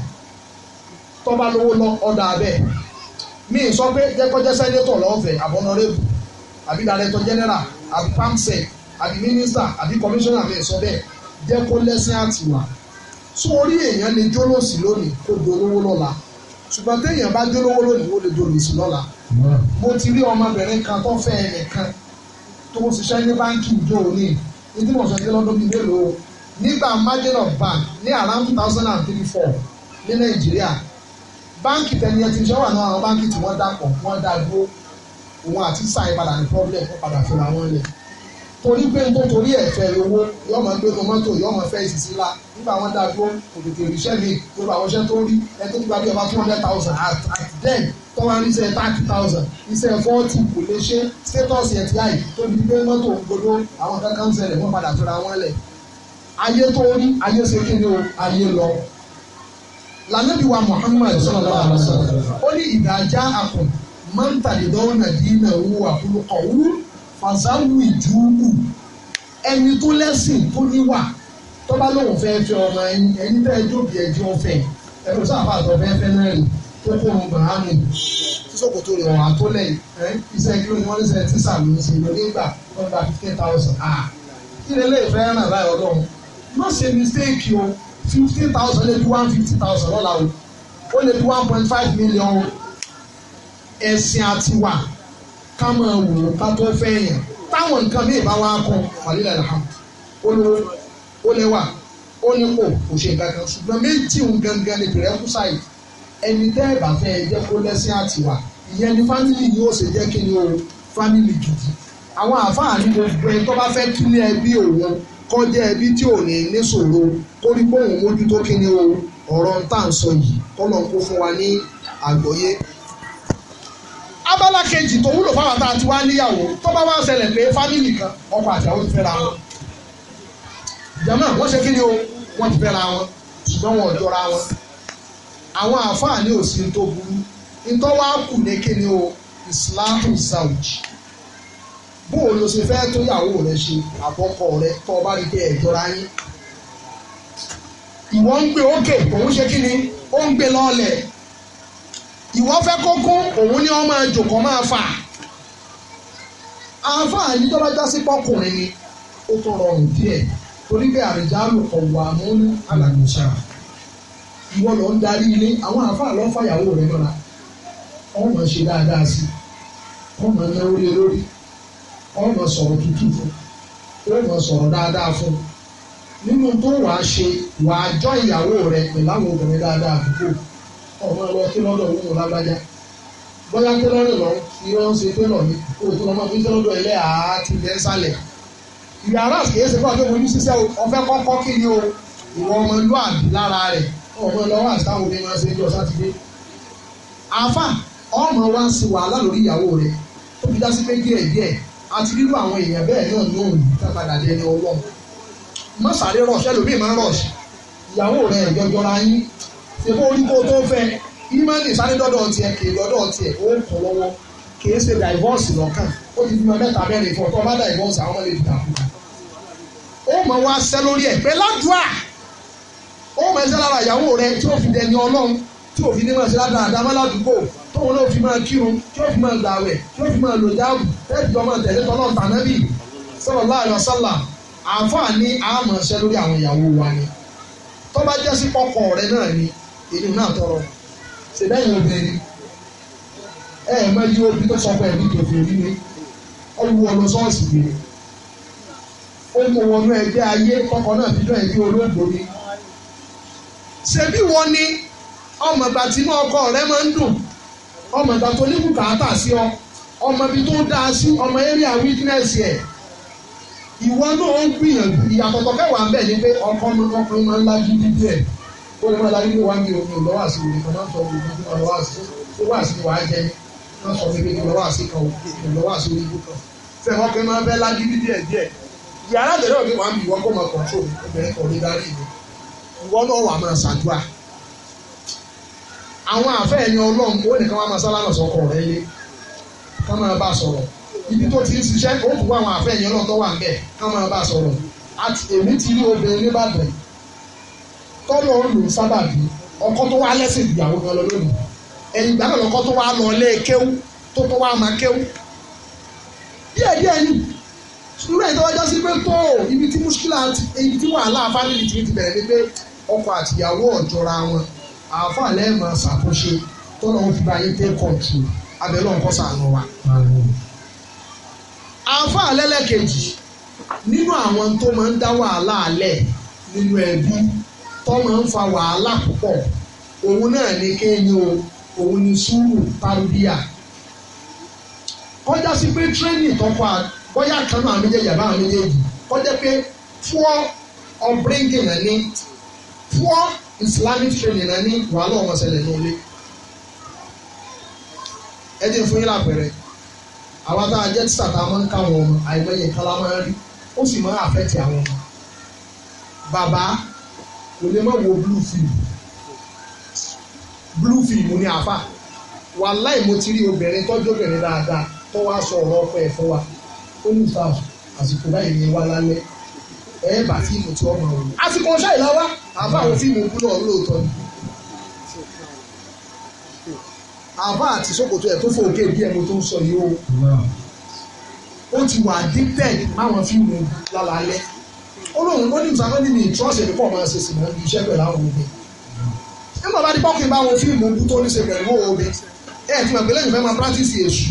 tó bá lówó lọ ọ̀dà bẹ́ẹ̀ mi sọ pé jẹ́ kó jẹ́ sẹ́nétọ̀ lọ́fẹ̀ẹ́ àbọ̀nọ́rẹ́bù àbí dàrẹ́tọ̀ jẹ́nẹ́rà àbí pàmsẹ̀ àbí mínísítà àbí kọmíṣánná mi sọ bẹ́ẹ̀ jẹ́ lẹ́sìn àti wà. sórí èèyàn lè jólóòsì lónìí kó dolówó lọ́la ṣùgbọ́n téèyàn bá jólówó lónìí ó lè jòlè sí lọ́la mo ti rí ọmọbìnrin kan tó fẹ́ ẹnìkan tó ń ṣiṣẹ́ ní báńkì ìjọ òní ní tí mo sọ ní lọ́dún bíi mélòó nígbà margin of bank ní around two thousand and three four ní nàìjíríà báńkì tẹni ẹ ti ṣe wà náà àwọn báńkì tí wọ́n dàpọ̀ wọ́n dá dúró òun àti sáà ìpadà ní problem wọ́n padà fẹ́ra wọn lẹ̀ torí pé tó torí ẹ̀ fẹ́ owó yóò máa gbé mọ́tò yóò máa fẹ́ ìsìsí La, nígbà wọn dáa dúró kò tètè ríṣẹ́ mi gbogbo àwọn iṣẹ́ tó rí ẹ tó gba bí ọba two hundred thousand at at then tó wá ní iṣẹ́ thirty thousand iṣẹ́ forty kò lè ṣe status ẹ̀ ti láì tó di pé mọ́tò gbogbo àwọn kankan ṣẹlẹ̀ wọ́n padà fẹ́ra wọn lẹ̀ ayé tó rí ayé ṣe kí ni o ayé lọ lànàbí wa Muhammad sallallahu alaihi ó ní ìdájá àkùn mọ́ntàdínlọ́wọ́n nàdínà owó àkúrúkọ̀ wúrú fàzánù ìjúùkù ẹni tó lẹ́sìn tó níwà tó bá lóun fẹ́ fẹ́ ọmọ ẹni ẹni tẹ́ ẹjọ́ bí ẹjọ́ fẹ́ ẹni tó sábà tó fẹ́ fẹ́ náà ni tó kó ohun gbà á nù sísòkò tó lè wà tó lẹ̀ iṣẹ́ kí ló ní wọ́n ní sẹ́yìn tíṣà ló ń ṣe ló nígbà wọ́n gba fifteen thousand ah kí lè lè fẹ́ ràn láì ọlọ́run má ṣe mistake o fifteen thousand lè ju one fifty thousand lọ́la o ó lè ju one point five million o ẹ̀sìn àtiwà ká máa wò ó ká tó fẹ́ yẹn táwọn nǹkan míì bá wá kọ wàlílà ìlàhàm ó lówó ó lẹ́wà ó nípò kò ṣe nǹkan kan ṣùgbọ́n méjì ń gangan ní pẹ̀rẹ́kúsà yìí ẹni tẹ́ ẹ̀ bá fẹ́ jẹ́ kó lẹ́sìn àtiwà ìyẹn ni fámìlì yóò ṣe jẹ́ kí ni o fámìlì gidi àwọn àáfàá ní gbogbo ẹni tó bá fẹ́ kí ní ẹbí òun kọjá ẹbí tí ò ní ní ṣòro kó rí bóun mójútó kí ni o ọ̀rọ̀ ń tà ń sọ yìí kọ́ lọ́n kó fún wa ní àgbọ́yé abala kejì tó wúlò fáwọn tá a ti wá níyàwó tó bá wá ṣẹlẹ̀ pé fámìlì kan ọkọ àtìyàwó ti fẹ́ra wọn jama wọ́n ṣe kí ni o wọ́n ti fẹ́ra wọn ṣùgbọ́n wọn ò jọra wọn àwọn àáfàá ní òsì tó burú ntọ́ wá kù ní kí ni o islahu zawj bó o lọ ṣe fẹ́ tó yàwó rẹ ṣe àbọ̀kọ rẹ tó o bá rí pé ẹ̀ jọra yín ìwọ ń gbé òkè òun ṣe kí ni ó ń gbé lọ́ọ̀lẹ̀ ìwọ fẹ́ kó kún òun ni wọ́n máa jòkó máa fà àáfàá yìí tó bá já sí pọ́kùnrin ni ó tó rọrùn díẹ̀ torí pé àrìjálù ọ̀wọ̀ àmúlú alàgbèsà ìwọ lọ ń darí ilé àwọn àáfàá lọ fàyàwó rẹ mọ́ra wọ́n máa ṣe dáadáa sí wọ́n máa náwó lé lórí wọ́n máa sọ̀rọ̀ tútù fún wọ́n máa sọ̀rọ̀ dáadáa fún nínú tó wàá ṣe wàá jọ ìyàwó rẹ pẹ̀lú àwọn obìnrin dáadáa àdúgbò ọ̀nà lọ kí lọ́dọ̀ ní ìwọ̀n lágbájá bóyá kí lọ́dọ̀ lọ fi wọ́n ṣe pé lọ ní òkú ọmọ fi ń lọ́dọ̀ ilé àti ilẹ̀ sálẹ̀ yàrá kìí ṣe fún àgbẹ̀wò ní ṣiṣẹ́ ọ̀fẹ́ kọ́kọ́ kí ni o ìwọ ọmọlúwàbí lára rẹ̀ ọmọ lọ́wọ́ àtàwọn obìnrin máa ṣe ń jọ sátidé àáfà ọmọ wa ń ṣe wàhálà lórí ìyàwó rẹ̀ ó fi dá sí pé díẹ̀ díẹ̀ àti rírú àwọn èèyàn bẹ́ẹ̀ náà ní òun tá padà dé ẹni ọwọ́ mọ́sàárẹ́ rọ̀ṣẹ́ lómi máa ń rọ̀ṣ ìyàwó rẹ̀ ìjọjọra yín ṣe kó orí kó tó fẹ́ ìmọ̀lì sáré dọ́dọ̀ tiẹ̀ kì í dọ́dọ̀ tiẹ̀ ó ń kọ́ lọ́wọ́ kì í ṣe divorce lọ́kàn ó ti bímọ mẹ́ta mẹ́rin fún ọ̀tọ́ bá divorce àwọn lè dà kú. ó mọ̀ wá ṣẹ́ lórí ẹ̀ pé ládùúà ó mọ̀ ẹsẹ̀ lára ìyàwó rẹ tí ó fi dẹni ọlọ́run tí ò fi ní máa ṣe ládàáda má ládùúgbò tóun náà fi máa kírun tí ó fi máa gbàwẹ̀ tí ó fi máa lò jáàbù tẹ́ẹ̀tì ọmọ tẹ̀lé tó bá jẹ́ sí èmi náà tọrọ ṣe bẹ́ẹ̀ obìnrin ẹ ẹ̀ mẹ́rin obi tó sọ pé ẹ̀mí tòfin rí ni ọlùwọ̀ lọ sọ́ọ̀sì yìí ó mú wọnú ẹgbẹ́ ayé kọ́kọ́ náà fi dán ẹbí olóògbé ni ṣebí wọn ni ọmọ ìgbà tí náà ọkọ rẹ máa ń dùn ọmọ ìgbà tó ní bùkátà sí ọ ọmọ ibi tó dáa sí ọmọ area witness yẹ ìwọ náà ń gbìyànjú ìyàtọ̀tọ̀ kẹwàá bẹ́ẹ̀ ni pé ọkọ ọkùnrin máa ń lajú dídí ẹ̀ ó lè má la nínú wa mi ò ní lọ́wọ́ àti òní kan máa ń sọ òní kan máa lọ́wọ́ àti ó wà sí wàá jẹ má sọ pé kí lọ́wọ́ àti kan ò lọ́wọ́ àti òní kan fẹ́ wọn pé máa fẹ́ lágídí díẹ̀ díẹ̀ yàrá tẹ̀lé òní wàá mi ìwọ kó máa kọ̀ọ̀tò obìnrin kan ní dárí mi ìwọ náà wà máa ṣàdúrà àwọn àfẹ́ ẹ̀yìn ọlọ́run ó nìkan wá máa sálámà sọkọ̀ rẹ lé ká máa bá sọ̀rọ̀ ibi tó ti ń ṣiṣẹ́ ó kú àwọn àfẹ́ ẹ̀yìn ọlọ́run tó wà ń bẹ̀ ká máa bá sọ̀rọ̀ èmi ti rí obìnrin níbàdàn tọ́lọ̀ ń lò ó sábàbí ọkọ tó wá lẹ́sìn ìgbéyàwó ni ọlọ́lọ́ mi ẹ̀yìn ìgbà náà lọ́kọ tó wá lọ ilé kéwú tó tó wá máa kéwú díẹ̀ díẹ̀ ni sùúrù ẹ̀dọ́ ọjọ́ sí pé tó ibi tí mùsùlùmí àti ibi tí wàhálà fámìlì ti bẹ̀rẹ̀ ni pé ọkọ àtìyàwó ọ̀jọ̀ra wọn àáfàá lẹ́ẹ̀mọ ṣàkóso tọ́lọ̀ ń fi báyé tẹ́ kọ̀ọ̀tù abẹ́lẹ́ ọ̀kọ́ sànù wa. àáfàá lẹ́lẹ́kejì nínú àwọn tó máa ń dá wàhálà alẹ́ nínú ẹbí tọ́mọ ń fa wàhálà púpọ̀ òun náà ni kéèyàn o òun ni sùúrù tàrbíyà kọjá sí pé tírénì tọ́kọ bóyá kan náà méjèèjì àbá méjèèjì kọjá pé fúọ́ ọ̀bíríngì náà ní fúọ́ islamic training náà ní wàhálà ọmọ ṣẹlẹ̀ ní olé ẹ dín fún yín lápẹ̀rẹ̀ àwọn tá a jẹ́ tíṣà tá a máa ń ká wọn ọmọ àìmọye kálá máa ń rí ó sì máa ń àfẹ́tì àwọn ọmọ bàbá kò lè má wo blue film blue film ní àfà wàláì mo ti rí obìnrin tọ́jú obìnrin dáadáa tó wá sọ ọ̀rọ̀ ọkọ ẹ̀ fún wa ó ní ìfà àsìkò báyìí ni wá lálẹ́ ẹ̀ bá fíìmù tí wọ́n máa wò. àsìkò ọ̀ṣà ìlàwá àbá àwọn fíìmù búlọ̀ lóòótọ́ ni. àbá àti ṣòkòtò ẹ̀ tó fò òkè bí ẹmu tó ń sọ yìí o ó ti wà addicted máwọn fíìmù lálálẹ́ olóhùn ó ní ìsàmọ́ ní mi ìtúrọ́sì ní pọ̀ máa ṣe sì náà iṣẹ́ pẹ̀lú àwọn obìnrin nígbà bá di pọ́kì bá wọn fíìmù ogun tó ní ṣe pẹ̀lú owó obìnrin ẹ̀ ti mọ̀ pé lẹ́yìn fẹ́ máa pírátìsì èṣù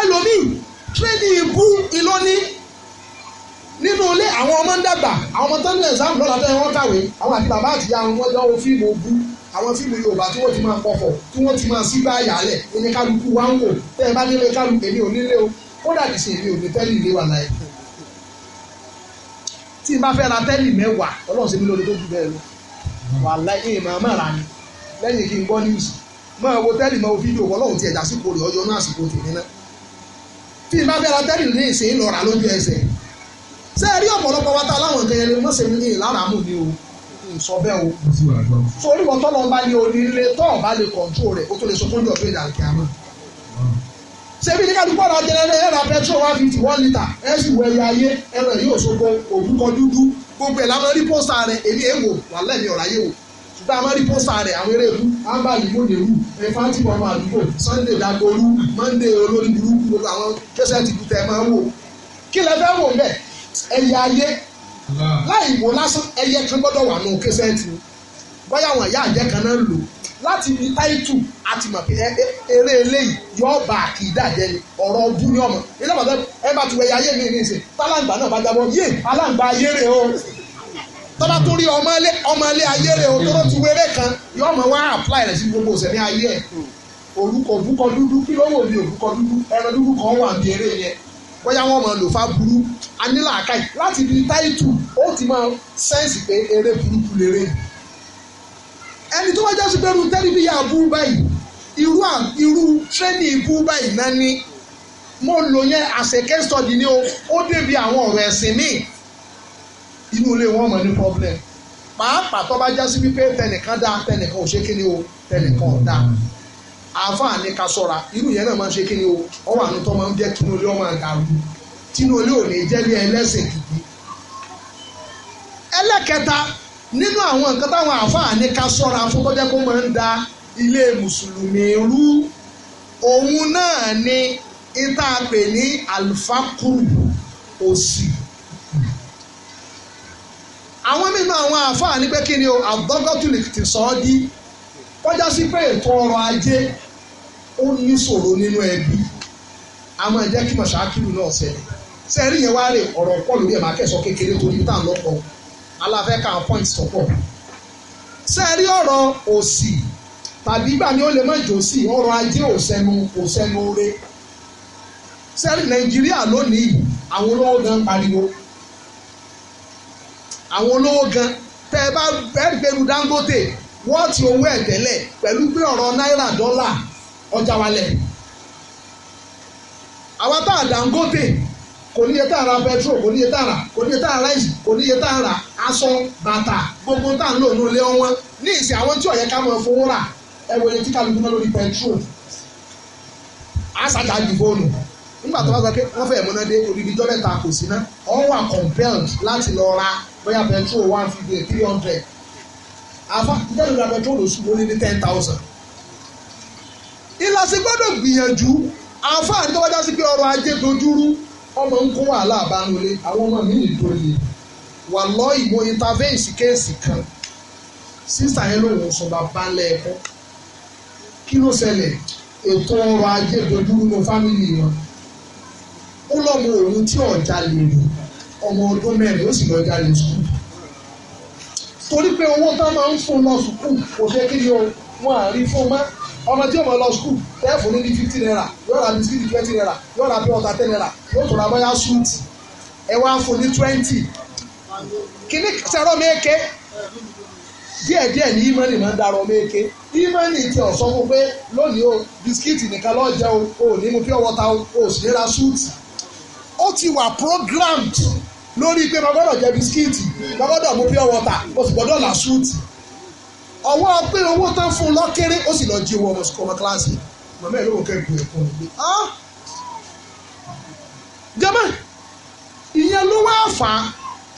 ẹlòmíì tírénì ibú ìlóní nínú ilé àwọn ọmọ ń dàgbà àwọn ọmọ tán ní ẹ̀sán lọ́la tẹ́ wọ́n kàwé àwọn àti bàbá àti àwọn ọmọ lọ́wọ́ fíìmù ogun àwọn fíìmù Yorùbá tí wọ́n ti máa pọ̀fọ̀ tí wọ́n ti máa sígbà yàlẹ̀ oníkálukú wa ń wò tẹ́ ẹ bá nílé kálukú èmi ò nílé o kódà kìí ṣe èmi ò ní tẹ́lẹ̀ ìlé wa láì tí n bá fẹ́ ra tẹ́lì mẹ́wàá ọlọ́run ṣe mí lórí tó jù bẹ́ẹ̀ lọ wà láyé màmá ra ni lẹ́yìn kí n gbọ́ news máa wo tẹ́lì máa wo fídíò ọlọ́run ti ẹ̀dá sípò rẹ̀ ọjọ́ náà àsìkò tèmi náà tí n bá fẹ́ ra tẹ́lì ní ìsìn ìlọ́ra lójú ẹsẹ̀ ṣé ẹ rí ọ̀pọ̀lọpọ̀ wá tá láwọn nǹkan yẹn lè mọ́ sẹ́mi ní ìlara mú ni o sọ bẹ́ẹ̀ o sórí wọ́n tọ́lọ́ ń bá ní onílé tọ́ọ̀ bá lè kọ̀ǹtró rẹ̀ ó tó lè sọ fún Sebi, ní kálukú ọ̀rọ̀ jẹrẹrẹ ẹ̀rọ pẹtrol one fifty one litre ẹ̀sù wẹ̀yẹ ayé ẹ̀rọ yóò ṣoko òbúkọ dúdú gbogbo ẹ̀ lámọ́ rí pósà rẹ̀ èmi èèwò wàhálà ẹ̀mí ọ̀rọ̀ ayé wò ṣùgbọ́n àmọ́ rí pósà rẹ̀ àwọn eré ikú ámbà ìbò lèrú ẹ̀fáàtì ọmọ àdúgbò Sunday dagolu Monday olórí burúkú gbogbo àwọn kẹsẹ̀ ti kùtẹ̀ máa ń wò kí lẹ fẹ́ wò ń bẹ̀ ẹ̀yẹ ayé láì wò lásán ẹ̀yẹ kan gbọ́dọ̀ wà nù kẹsẹ̀ tì bóyá àwọn ìyá àjẹ́ kan náà lò láti ibi táìtù àti mọ̀ pé eré eléyìí yóò bá àkìdá jẹ ni ọ̀rọ̀ ọdún ní ọmọ ilé ọmọ ẹ bá ti wẹ ya ayé mi ní ìsìn tálàǹgbà náà bá jábọ̀ yé aláǹgbà ayé rè o tọ́ba tó rí ọmọ ilé ayé rè o tọ́rọ ti wéré kan yóò mọ̀ wá apply rẹ̀ sí gbogbo ìsẹ̀mí ayé ẹ̀ orúkọ òbúkọ dúdú kí ló wò ní òbúkọ dúdú ẹran dúdú kan wà bí eré yẹn bóyá wọn máa lò fa burú anílàákàyè láti ibi táìtù ó ti máa sẹ́ǹsì pé eré burúkú lérè yìí ẹni tó bá jásí pé irú tẹ́lifíyà bú báyìí irú irú tírẹ́nì bú báyìí náà ni mo lò yẹn as a case study ni o ó débi àwọn ọ̀rọ̀ ẹ̀sìn míì inú ilé wọn mọ̀ ní problem pàápàá tó bá jásí wípé tẹnìkan dá tẹnìkan ò ṣe kí ni o tẹnìkan ò dá àáfàá ní ká sọ́ra irú yẹn náà máa ń ṣe kí ni o ọwọ́ àánú tó máa ń jẹ́ kí inú ilé ọmọ àdàrú tí inú ilé ò ní jẹ́ bí ẹlẹ́sìn kìkì ẹlẹ́kẹta nínú àwọn nǹkan táwọn àfáàní ká sọ́ra fún tọ́jẹ́ kó máa ń da ilé mùsùlùmí rú òun náà ni ìta pè ní alfakuru òsì àwọn mímọ àwọn àfáàní pé kí ni o àdọ́gọ́tùlì ti sọ ọ́ di kọjá sí pé ètò ọrọ̀ ajé ó ní ṣòro nínú ẹbí a máa jẹ́ kí mọ̀ṣáàkìrù náà ṣẹlẹ̀ sẹ́ẹ̀rí yẹn wá rè ọ̀rọ̀ pọ̀ lórí ẹ̀ máa kẹ́sọ̀ kékeré torí tá à ń lọ́pọ̀ aláfẹ́ ká point sọ́pọ̀ sẹ́ẹ̀rí ọ̀rọ̀ òsì tàbí gbà ní ó lè má jòsì ọrọ̀ ajé òsẹnu òsẹnu oore sẹ́ẹ̀rí nàìjíríà lónìí àwọn olówó gan pariwo àwọn olówó gan tẹ́ ẹ bá bẹ́ẹ̀ gbẹrù dangote wọ́ọ̀tì owó ẹ̀ tẹ́lẹ̀ pẹ̀lú pé ọ̀rọ̀ náírà dọ́là ọjà wálẹ̀ àwa tá a dangote kò níye tá a ra pẹtrol kò níye tá a ra kò níye tá a ra ìsì kò níye tá a ra aṣọ bàtà gbogbo tá a ń lò ní ilé wọn ní ìsìn àwọn tí ọ̀yẹ́ ká mọ̀ fowó rà ẹ wòye tí kálukú náà lórí pẹtrol àṣàjà jù fóònù nígbà tó bá sọ pé wọ́n fẹ́ múná dé odidi jọ́ kò sí ná ọ̀ wà compelled láti lọ ra bóyá pẹtrol one fifty three hundred àfa jẹ́nu ra pẹtrol oṣù lórí ní ten thousand ìlàsí gbọ́dọ̀ gbìyànjú àǹfààní tó wájá sí pé ọrọ̀ ajé dojúrú ọmọ ń kún wàhálà àbánulé àwọn ọmọ mi nìdó ni wà lọ ìmọ̀ intervenes kéèsì kan sísà yẹn lòun sọ bàbá lẹ́ẹ̀kọ́ kí ló ṣẹlẹ̀ ètò ọrọ̀ ajé dojúrú ní fámìlì wọn ó lọ́mọ òun tí ọ̀já lè rí ọmọ ọdún mẹ́rin ó sì lọ́ọ́ jalè sùkúl torí pé owó tá máa ń fún lọ sùkúl kò jẹ́ kí ni wọ́n á rí fún máa ọmọ tí ọmọ lọ skul tẹ́ fún ní fifty naira yóò ra bisikíìtì twenty naira yóò ra pure water ten naira yóò tó ra bọ́yá súùtì ẹ wá fún ní twenty kìíní sẹ́rọ̀ méèké díẹ̀ díẹ̀ ní ìmọ̀nì máa ń darọ̀ méèké ìmọ̀nì tí ò sọ fún pé lónìí o bisikíìtì nìkan lọ́ọ́ jẹ́ o ò ní mu pure water o ò sì ní ra ó ti wà programmed lórí pé ma gbọ́dọ̀ jẹ bisikíìtì ma gbọ́dọ̀ mu pure water mo sì gbọ́dọ̀ la súùtì ọwọ́ pé owó tán fún un lọ́kéré ó sì lọ jí owó ọmọ sùkọ́ ọmọ kíláàsì màmá ẹ̀ ló wò kẹ́kọ̀ọ́ ẹ̀kọ́ rẹ̀ gbé. gẹ́mẹ́ ìyẹn ló wá fà á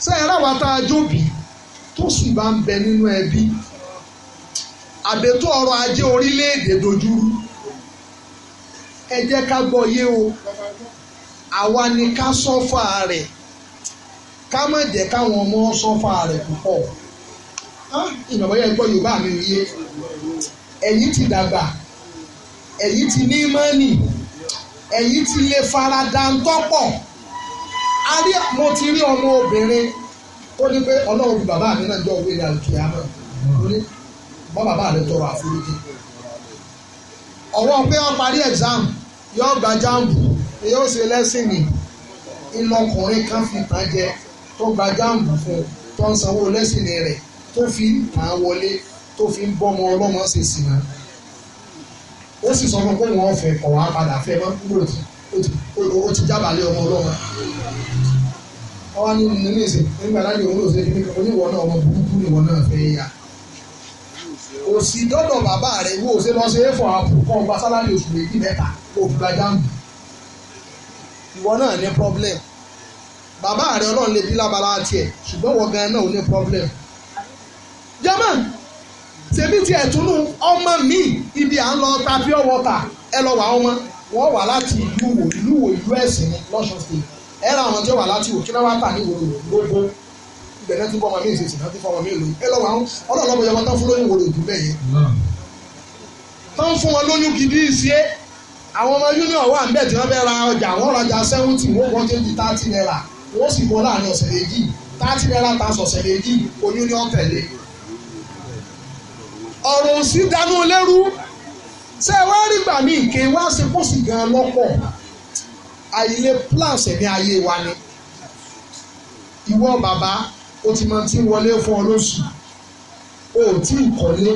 sẹ́yìn ráwa tá a jóbi tó sùn bá ń bẹ nínú ẹbí àbètò ọrọ̀ ajé orílẹ̀-èdè dojúrú ẹ jẹ́ ká gbọ́ yé o àwa ni ká sọ́fà rẹ̀ ká má jẹ́ káwọn ọmọ sọ́fà rẹ̀ púpọ̀ ìmọ̀bọ́yá ah, ẹgbọ́ Yorùbá mi yé ẹ̀yin ti dàgbà ẹ̀yin ti ní mọ́nì ẹ̀yin ti lè farada ń tọ́pọ̀ arí mo ti rí ọmọ obìnrin ó ní pé ọlọ́run bí bàbá mi náà jọ òwe ìrìn àlùkìyà náà mo ní bọ́ bàbá rẹ tọrọ àforíjì ọwọ́ pé wọ́n parí exam yóò gba jáàmù yóò ṣe lẹ́sìn ní ìlọkùnrin kan fi tàn jẹ tó gba jáàmù fún tó ń sanwó lẹ́sìn rẹ̀ tó fi ń tàn án wọlé tó fi ń bọ́mọ ọlọ́mọ ṣe sì náà ó sì sọ fún pé wọ́n fẹ́ kọ̀ wá padà fẹ́ mọ́ kúrò ó ti jábàálẹ̀ ọmọ ọlọ́mọ ọwọ́ ní nínú ìsìn nígbà láti òun ló ṣe fi oníwọ̀ náà ọmọ burúkú níwọ̀ náà fẹ́ yà òsì dọ́dọ̀ bàbá rẹ̀ wo ṣe lọ ṣe é fọ àpò kan gba sálárì oṣù méjì mẹ́ta òkúta jáàmù ìwọ náà ní problem bàbá rẹ̀ ọlọ́run lè bí lábala tiẹ̀ ṣùgbọ́n wọ́n gan náà jẹ́mọ̀ ṣèbí ti ẹ̀túnú ọmọ mi ibi à ń lọ ta pure water ẹ lọ wà ọmọ wọ́n wà láti ìlú wò ìlú wò ìlú ẹ̀sìn ní lọ́sùn state ẹ ra àwọn tí wà láti wò kí náà wá tà ní wòlò gbogbo ibẹ̀ náà ti fọ́ ọmọ mi ìṣèṣì náà ti fọ́ ọmọ mi ìlú ẹ lọ wà ọlọ́ọ̀lọ́ bọ̀ yọmọ tán fún lóyún wòlò ìdúgbẹ́ yẹn tán fún wọn lóyún gidi ìṣe àwọn ọmọ union wà níbẹ̀ tí wọ́n fẹ́ ra ọjà wọ́n rajà seventy wọ́n kọ́ twenty thirty naira wọ́n sì kọ́ láàrin ọ̀rọ̀ òsì dánú lẹ́rú ṣé wá rí gbà mí ìké wá ṣe kó sì gan lọ́pọ̀ àìlè plan ṣẹ̀mí ayé wa ni ìwọ bàbá o ti máa ti wọlé fún ọ lóṣù o ò tí ì kọ́lé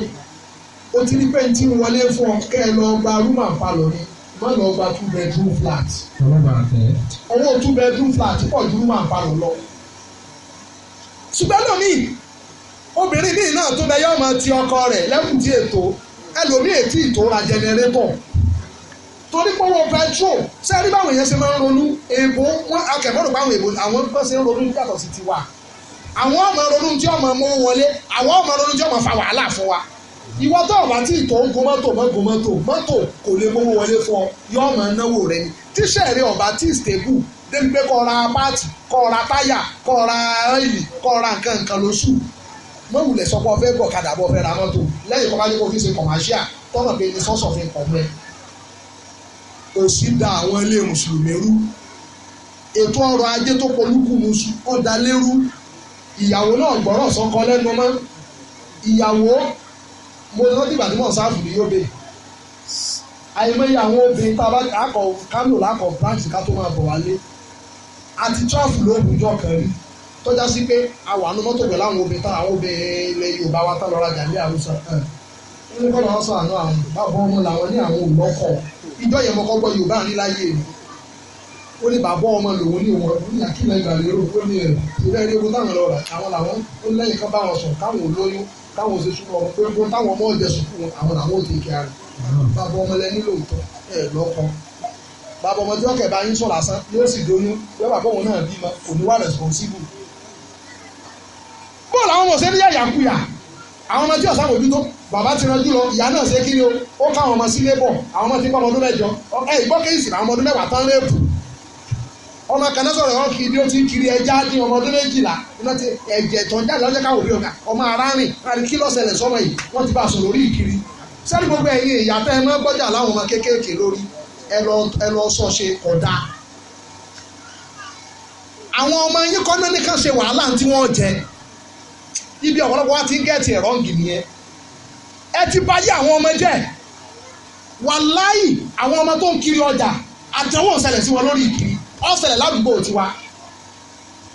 o ti rí pé n ti wọlé fún ọ kẹ́ ẹ lọ gba rúmà palọ̀ ni má lọ gba two bedroom flat owó two bedroom flat pọ̀ ju rúmà palọ̀ lọ ṣùgbọ́n lónìí obìnrin míì náà tó bẹ yọ ọmọ ti ọkọ rẹ̀ lẹ́kùn tí ètò ẹlòmíì ètí ìtòra jẹnẹrétọ̀ torí pé owó petrol ṣé ẹ rí báwọn èèyàn ṣe máa ń ronú èèbó wọn akẹ́mọ́rò báwọn èèbó àwọn bá ṣe ń ronú yàtọ̀ sí tiwa àwọn ọmọ ronú tí ọmọ mọ́ wọlé àwọn ọmọ ronú tí ọmọ fa wàhálà fún wa ìwọ tó ọba tí ìtọ̀ ń gun mọ́tò mọ́ gun mọ́tò mọ́tò kò lè mówó wọlé fún ọ yọ ọmọ náwó rẹ ni tíṣẹ́ rẹ ọba tí stable débi pé kọ́ ra pààtì kọ́ ra táyà kọ́ ra ẹ́ẹ̀lì kọ́ ra nǹkan nǹkan lóṣù mọ wulẹ̀ sọ pé ọfẹ́ gbọ̀ kadà bọ̀ fẹ́ ra mọ́tò lẹ́yìn kọ́ba ní kó fi ṣe commercial tọ́nà pé ní source of income rẹ̀ òsì da àwọn ilé mùsùlùmí rú ètò ọrọ̀ ajé tó polúkú mùsùlùmí ọ̀dà lérú ìyàwó náà gbọ́rọ̀ sọ́kọ lẹ́nu mọ́ ìyàwó mo lọ dìgbà tí mò ń sáàfù ní yóbe àìmọye àwọn obìnrin tá a bá akọ kánò lákọ branch ká tó máa bọ̀ wálé àti tráfù lóògùn jọ kẹrin tọ́já sí pé a wà nú mọ́tò pẹ̀lú àwọn obìnrin tá àwọn obìnrin ilẹ̀ Yorùbá wa tá lọ rajà ní àrùsọ ẹni kọ́ làwọn sọ àánú àwọn bàbá ọmọ làwọn ní àwọn òlọ́kọ̀ ìjọ yẹn mọ́kọ́ gbọ́ Yorùbá ní láyé mi ó ní bàbá ọmọ lòun ní wọn ó ní àkílẹ̀ ìgbàlérò ó ní ẹ̀rọ ìrẹ́ eré ogun táwọn lọ́ra àwọn làwọn ó lẹ́yìn kan bá wọn sọ káwọn olóyún káwọn ò ṣe súnmọ́ ọmọ pé ogun táwọn ọmọ ọ̀jẹ̀ sùn fún àwọn làwọn ò ti kí ara bàbá ọmọ lẹ nílò ìtọ́ ẹ̀ lọ́kọ bàbá ọmọ tí wọ́n kẹ̀ bá yín sọ lásán yóò sì dóyún yóò bàbá òun náà bímọ kò ní wà responsible bó làwọn ọmọ ṣe ń yàyà ń kuyà àwọn ọmọ tí ọ̀sán mójútó bàbá ti ranjú lọ ìyá náà ṣe kí ni o ó ọmọ sílé bọ̀ àwọn ọmọ ti pọ́ ọmọ mẹ́jọ ẹ ọmọ mẹ́wàá tán ọmọ kaná sọ̀rọ̀ wọn kì í ó ti ń kiri ẹja ní ọmọ ọdún méjìlá iná ti ẹ̀jẹ̀ tó jáde lọ́jọ́ káwọ́ bí ọ̀gá ọmọ ara láti kí lọ́sẹ̀lẹ̀ sọ́mọ yìí wọ́n a sọ̀rọ̀ orí ìkiri sẹ́ni gbogbo ìyá ibi ọ̀pọ̀lọpọ̀ wa ti ń gẹ̀ẹ́tì ẹ̀rọ ń gìmí ẹ ẹ ti bá yé àwọn ọmọ jẹ́ wàláì àwọn ọmọ tó ń kiri ọjà àtẹwọ́ ọ̀sẹ̀lẹ̀ sí wọn lórí ìkiri ọ̀sẹ̀lẹ̀ ládùúgbò tiwa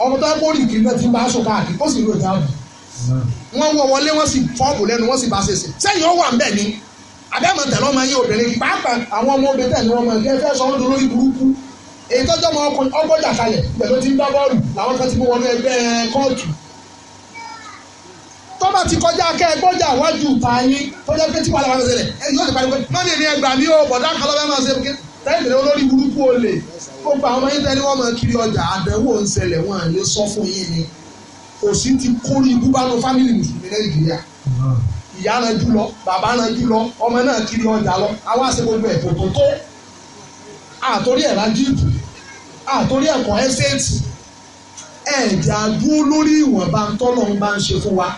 ọmọ tó ń bórí ìkiri náà ti ń bá aṣọ káàkiri ó sì lò dáàbò wọ́n wọ wọlé wọ́n sì fọ́ọ̀bù lẹ́nu wọ́n sì bá ṣe sè sẹ́yìn ọwọ́ à ń bẹ̀ ni àbẹ́mọ̀ tẹ̀lé ọmọ yín obìnrin pàápàá àwọn ọmọ obìnrin tẹ̀lé ọmọ yín fẹ́ sọ wọn dolórí burúkú èyí tọ́jú ọmọ ọgbọ́jà kalẹ̀ pẹ̀lú ti ń bá bọ́ọ̀lù làwọn kan ti mú wọnú ẹgbẹ́ kóòtù tó bá ti kọjá kẹ́ ẹ gbọ́jà wájú tààyè tó jẹ́ pé tí wàhálà wà lọ́sẹ̀lẹ̀ ẹni yóò ti parí pé mọ́mí ni ẹgbà mi ò bọ̀dá kan lọ́bẹ̀ máa ṣe pé tẹ́lẹ̀ olórí burúkú olè ó gba ọmọ yín tẹ́lẹ̀ wọ́n máa kiri ọjà àdánwò ń ṣẹlẹ̀ wọ́n à sọ fún yín ni òsì ti kórí ibú fámìlì mùsùlùmí nàìjíríà ìyá náà jù lọ bàbá náà jù lọ ọmọ náà kiri ọjà lọ àwa ṣe ẹ̀ tòótọ́ tó àtòrí ẹ̀ rájíìpù àtòrí ẹ̀kọ́ ẹ̀sẹ̀tì ẹ̀ẹ́dì àdúró ìwọ̀nba tọ́lọ́ ń bá ń ṣe fún wa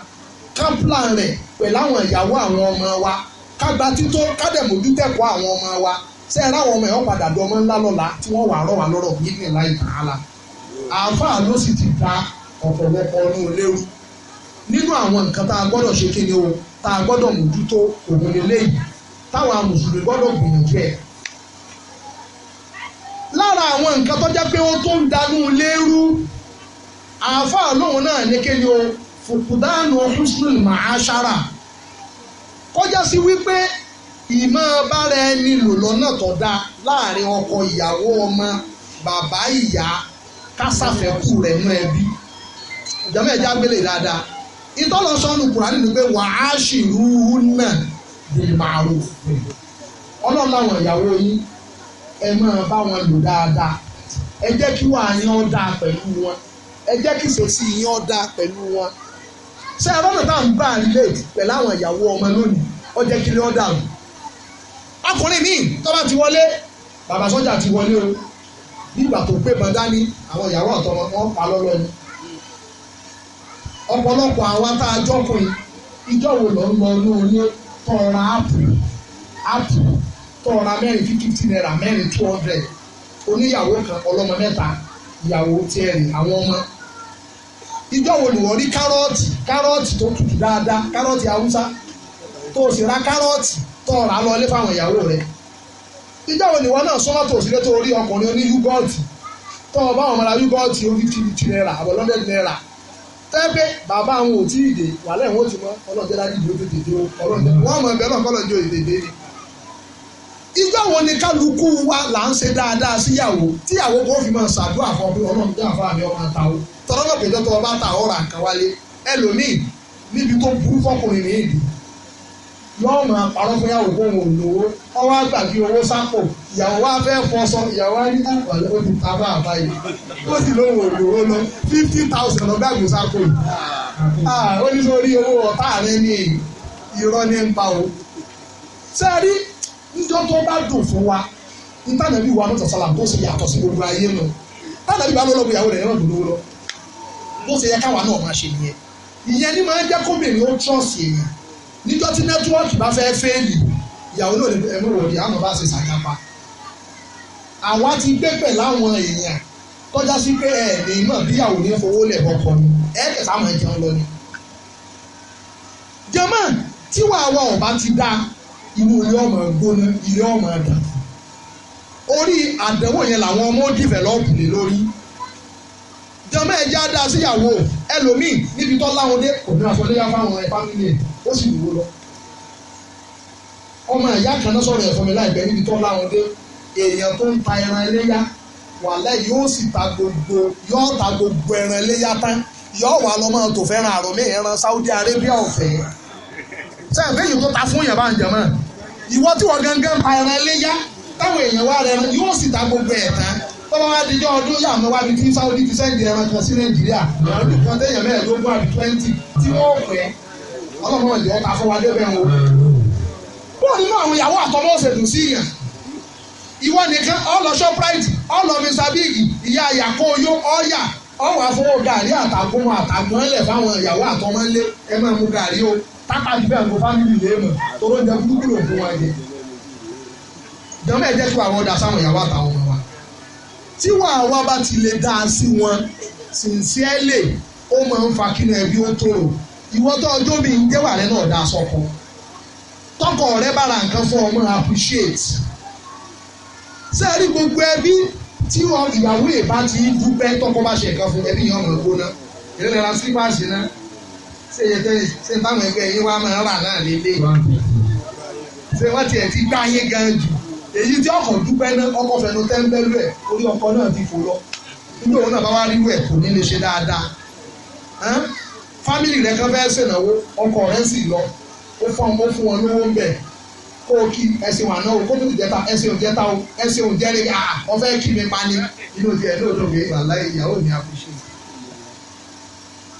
ká plan rẹ̀ pẹ̀lú àwọn ìyàwó àwọn ọmọ wa ká gba títọ́ ká dẹ̀ mójú tẹ̀kọ́ àwọn ọmọ wa ṣé ẹ ráwọn ọmọ ẹ̀ padà dọ̀ ọmọ ńlá lọ́la tí wọ́n wà rọ̀ wá lọ́rọ̀ nílẹ̀ láì tààlà àáfàá ló sì ti ta ọ̀pọ̀lọpọ̀ ọdún léwu nínú àwọn nǹkan tá a gbọ́dọ̀ ṣe kí ni o tá a gbọ́dọ̀ mójútó òun eléyìí táwọn mùsùlùmí gbọ́dọ̀ gbìyànjú ẹ̀ lára àwọn nǹkan tó jẹ́ pé ó tó ń danú lérú àáfàá lóun náà ní kí ni o fùkùdánù húsnul màáṣára kọjá sí wípé ìmọ̀ bára ẹni lò lọ́nà tó dáa láàrin ọkọ ìyàwó ọmọ bàbá ìyá kásàfẹ́kù rẹ̀ mọ́ ẹbí ìjọba ẹ̀já gbélé dáadáa ìtọ́lọ́sọ́nù kùránì ni pé wàá ṣìrú náà di màrú ọlọ́run láwọn ìyàwó yín ẹ máa bá wọn lò dáadáa ẹ jẹ́ kí wàá yán dáa pẹ̀lú wọn ẹ jẹ́ kí ìṣesí yán dáa pẹ̀lú wọn ṣé abọ́nà tá à ń bá àrílẹ̀ pẹ̀lú àwọn ìyàwó ọmọ lónìí ó jẹ́ kí ló dà rú. ọkùnrin míì tọ́ba ti wọlé bàbá sọ́jà ti wọlé o nígbà tó pé bọ́n dání àwọn ìyàwó àtọmọ wọn pa lọ́lọ́ ni. ọ̀pọ̀lọpọ̀ àwọn tá a jọkùnrin ìjọ wo ló ń lọ ní oní tọ́ra áàpù áàpù tọ́ra mẹ́rin fifty naira mẹ́rin two hundred oníyàwó kan ọlọ́mọ mẹ́ta ìyàwó tiẹ̀ rè àwọn ọmọ ìjọ wo lùwọ́ rí kárọ́ọ̀tì kárọ́ọ̀tì tó tutù dáadáa kárọ́ọ̀tì haúsá tó o sì ra kárọ́ọ̀tì tó o rà á lọlé fáwọn ìyàwó rẹ ìjọ wo lùwọ́ náà sọ́mọ́ tó o sì lé tó o rí ọkùnrin oní yúgọ́ọ̀tì tó o bá wọn ra yúgọ́ọ̀tì orí fifty naira àbọ̀ lọ́dẹ̀ naira tẹ́gbẹ́ bàbá àwọn ò tí ì dé wàhálà ìwọ̀n ti mọ́ ọlọ́ọ̀dẹ́lá ìjọ wo ni kálukú wa là ń ṣe dáadáa síyàwó tíyàwó kò fi máa ṣàdúrà fún ọ pé ọlọ́run jẹ́ àfáà mi ọmọ àtàwọ tọ́lọ́ náà péjọ tó o bá ta ọ̀rọ̀ àǹkan wálé ẹlòmíì níbi tó burú fọkùnrin ní èdè yóò máa parọ́ fún yàwó kó wọn ò lówó ọwọ́ àgbà kí owó sápò ìyàwó wa fẹ́ fọṣọ ìyàwó wa ní ah, àgbà ó ti ta bá àbá yìí ó sì lóun ò lówó lọ fifty thousand ọgbà kò sápò yìí ó ní sórí owó ọ̀tá rẹ ní irọ́ ní ń pa o. sẹ́ẹ̀rí níjọ́ tó bá dùn fún wa ìtànàbí wa mọ́tò sálà tó ṣe yàtọ̀ sí gbogbo ayé lọ tànàbí wa lọ́lọ́ ìyàwó rẹ̀ yọ̀rọ̀ dùn lọ bó ṣe yẹ káwa náà máa ṣe nìyẹn ìyẹn ni máa ń jẹ́ kóbìnrin ó trọ́ọ̀sì èèyàn níjọ́ tí nẹ́tíwọ́ọ̀kì bá fẹ́ fẹ́ẹ̀lì ìyàwó náà lè ẹ̀mú wọ̀dì àmọ́ bá ṣe ṣàkápá àwa ti gbé pẹ̀ láwọn èèyàn tọ́já sí pé ẹ̀ lè mọ̀ bí ìyàwó ní fowó lẹ̀ bọ́kọ ni ẹ̀ kẹsà máa jẹun lọ ni. jẹ́mọ̀ tí wàá wọ ọ̀bá ti dáa inú ilé ọmọ gbóná ilé ọmọ dàn orí àdánwò yẹn làwọn ọmọ dìvẹlọpù lé lórí jọmọ ẹjẹ á dá síyàwó ẹlòmíì níbi tó láwọn dé òbí àfọlẹyà fáwọn ẹ fámìlì ẹ ó sì wúwo lọ ọmọ ìyá kan náà sọ̀rọ̀ ẹ̀fọ́ mi láìpẹ́ níbi tó láwọn dé èèyàn tó ń ta ẹran ẹlẹ́yà wàhálà yóò sì ta gbogbo yóò ta gbogbo ẹran ẹlẹ́yà tán yóò wà lọ́mọ tó fẹ́ràn àròmí ẹran Saudi Arabia ọ̀fẹ́ sẹ́yìn fẹ́yìn tó ta fún yẹn bá ń jẹ mọ́ ìwọ tí wọ́n gangan pa ẹran léyà táwọn èèyàn wá rẹ ẹran yóò sì ta gbogbo ẹ̀ tán bọ́lá wa dijọ́ ọdún yà mọ́ wá bí tí sáwọ́dí ti sẹ́ǹdì ẹran kan sí nàìjíríà ọdún kan tẹ̀yàn mẹ́ẹ̀ẹ́dógún àbí twenty tí wọ́n pẹ́ ọlọ́mọ ìjọ ọ̀tà fọwọ́dé bẹ́ẹ̀ wò. bọ́ọ̀ nínú àwọn ìyàwó àtọmọ́ òṣèlú sí yàn ìwọ nìkan ọlọ shoprite ọlọ mr big ìyá àyàkó oyó ọyà ọwà fowó gàrí àtàgbọ́n àtàgbọ́n ẹlẹ̀ fáwọn ìyàwó àtọmọ́ ńlé ẹ máa mú gàrí o pápá jù bẹ́ẹ̀ nǹkan family lè mọ̀ tóró jẹ burúkú ló fún wa jẹ. ìjọba ẹ̀ jẹ́ kí àwọn ọ̀dà sáwọn ìyàwó àtàwọn ọmọ wa. tí wàá wá bá ti lè dáa sí wọn sincerely ó máa ń fa kínú ẹbí ó tòrò ìwọ tó ọjọ́ mi ń jẹ́ wà lẹ́nu ọ̀dà sọ́kọ tọkọ rẹ bá ra nǹkan fún ọmọ appreciate sẹ́ẹ̀rí gbogbo ẹbí tí ìyàwó ìbá ti dúpẹ́ tọkọ bá ṣe nǹkan fún ẹbí yẹn ọmọ ìgbóná ìrẹ́lẹ̀ ra sípáàsì náà ṣe yẹ tẹ́ ṣe fáwọn ẹgbẹ́ yín wá máa rà náà lélẹ̀ ṣe wọ́n tiẹ̀ ti gbá yín gan jù èyí tí ọkọ̀ dúpẹ́ náà ọkọ̀ fẹnu tẹ́ńbẹ́lú ẹ̀ orí ọkọ̀ náà ti fò lọ nígbà òun náà bá wá rí wẹ̀ kò ní lè ṣe dáadáa fámìlì rẹ kan fẹ́ẹ́ ṣènáwó ọkọ̀ rẹ sì lọ ó fọ́n ó fún wọn lówó ń bẹ̀ kó o kí ẹsẹ̀ wà náà o kó tóbi jẹta ẹsẹ̀ òjẹta o ẹsẹ̀ òjẹrẹ ọfẹ́ kí mi pa ni inú ti ẹ̀ lóòótọ́ mi ìbàlá ìyàwó mi àkùṣe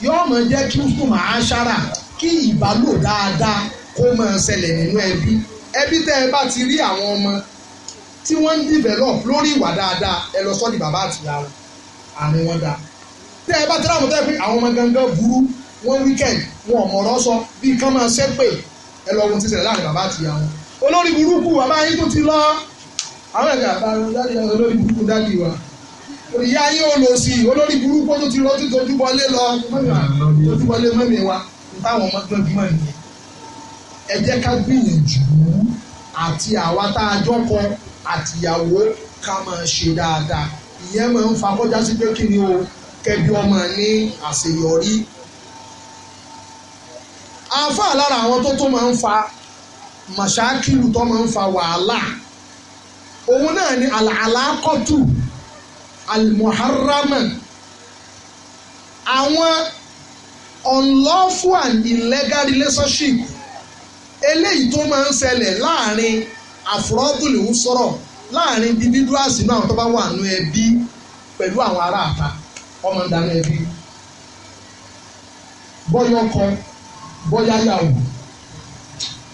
yóò máa jẹ́ kí húsùn máa ṣára kí ìbálò dáadáa kó máa ṣẹlẹ̀ nínú ẹbí ẹbí tẹ́ ẹ bá ti rí àwọn ọmọ tí wọ́n ń develop lórí ìwà dáadáa ẹ lọ sọ́ọ́ di bàbá àtìyá wọn àárín wọn dáa tẹ́ ẹ bá tẹ́lá àwọn tẹ́ pé àwọn ọmọ gangan burú wọ́n wíkẹ̀d wọn ọmọ ọ̀rọ̀ sọ bí kán máa ṣépè ẹ lọ ohun ti ṣẹlẹ̀ láàrin bàbá àtìyá wọn olórí burúkú bàbá yín tó ti lọ àwọn ẹ̀ka àbá olórí burúkú dájú wa ìyá yín ò lò sí olórí burúkú tó ti rọ́jú tójúbọlé lọ tójúbọlé mẹ́mi wa táwọn ọmọ tó gbìmọ̀ nìyẹn ẹ jẹ́ ká gbìyànjú àti àwa tá a jọkọ àtìyàwó ká máa ṣe dáadáa ìyẹn máa ń fa kọjá sí pé kí ni o kẹbi ọmọ ní àṣeyọrí àáfàá lára àwọn tó tó máa ń fa màṣákìlù tó máa ń fa wàhálà òun náà ni àlàkọ́tù almuharama àwọn unlawful and illegal relationship eléyìí tó máa ń ṣẹlẹ̀ láàrin àfúrọ́dúnlẹ̀ ń sọ̀rọ̀ láàrin individuals náà àwọn tó bá wà nù ẹbí pẹ̀lú àwọn aráàta ọmọ ìdáná ẹbí bọ́yọ̀ kan bọ́yá yàwó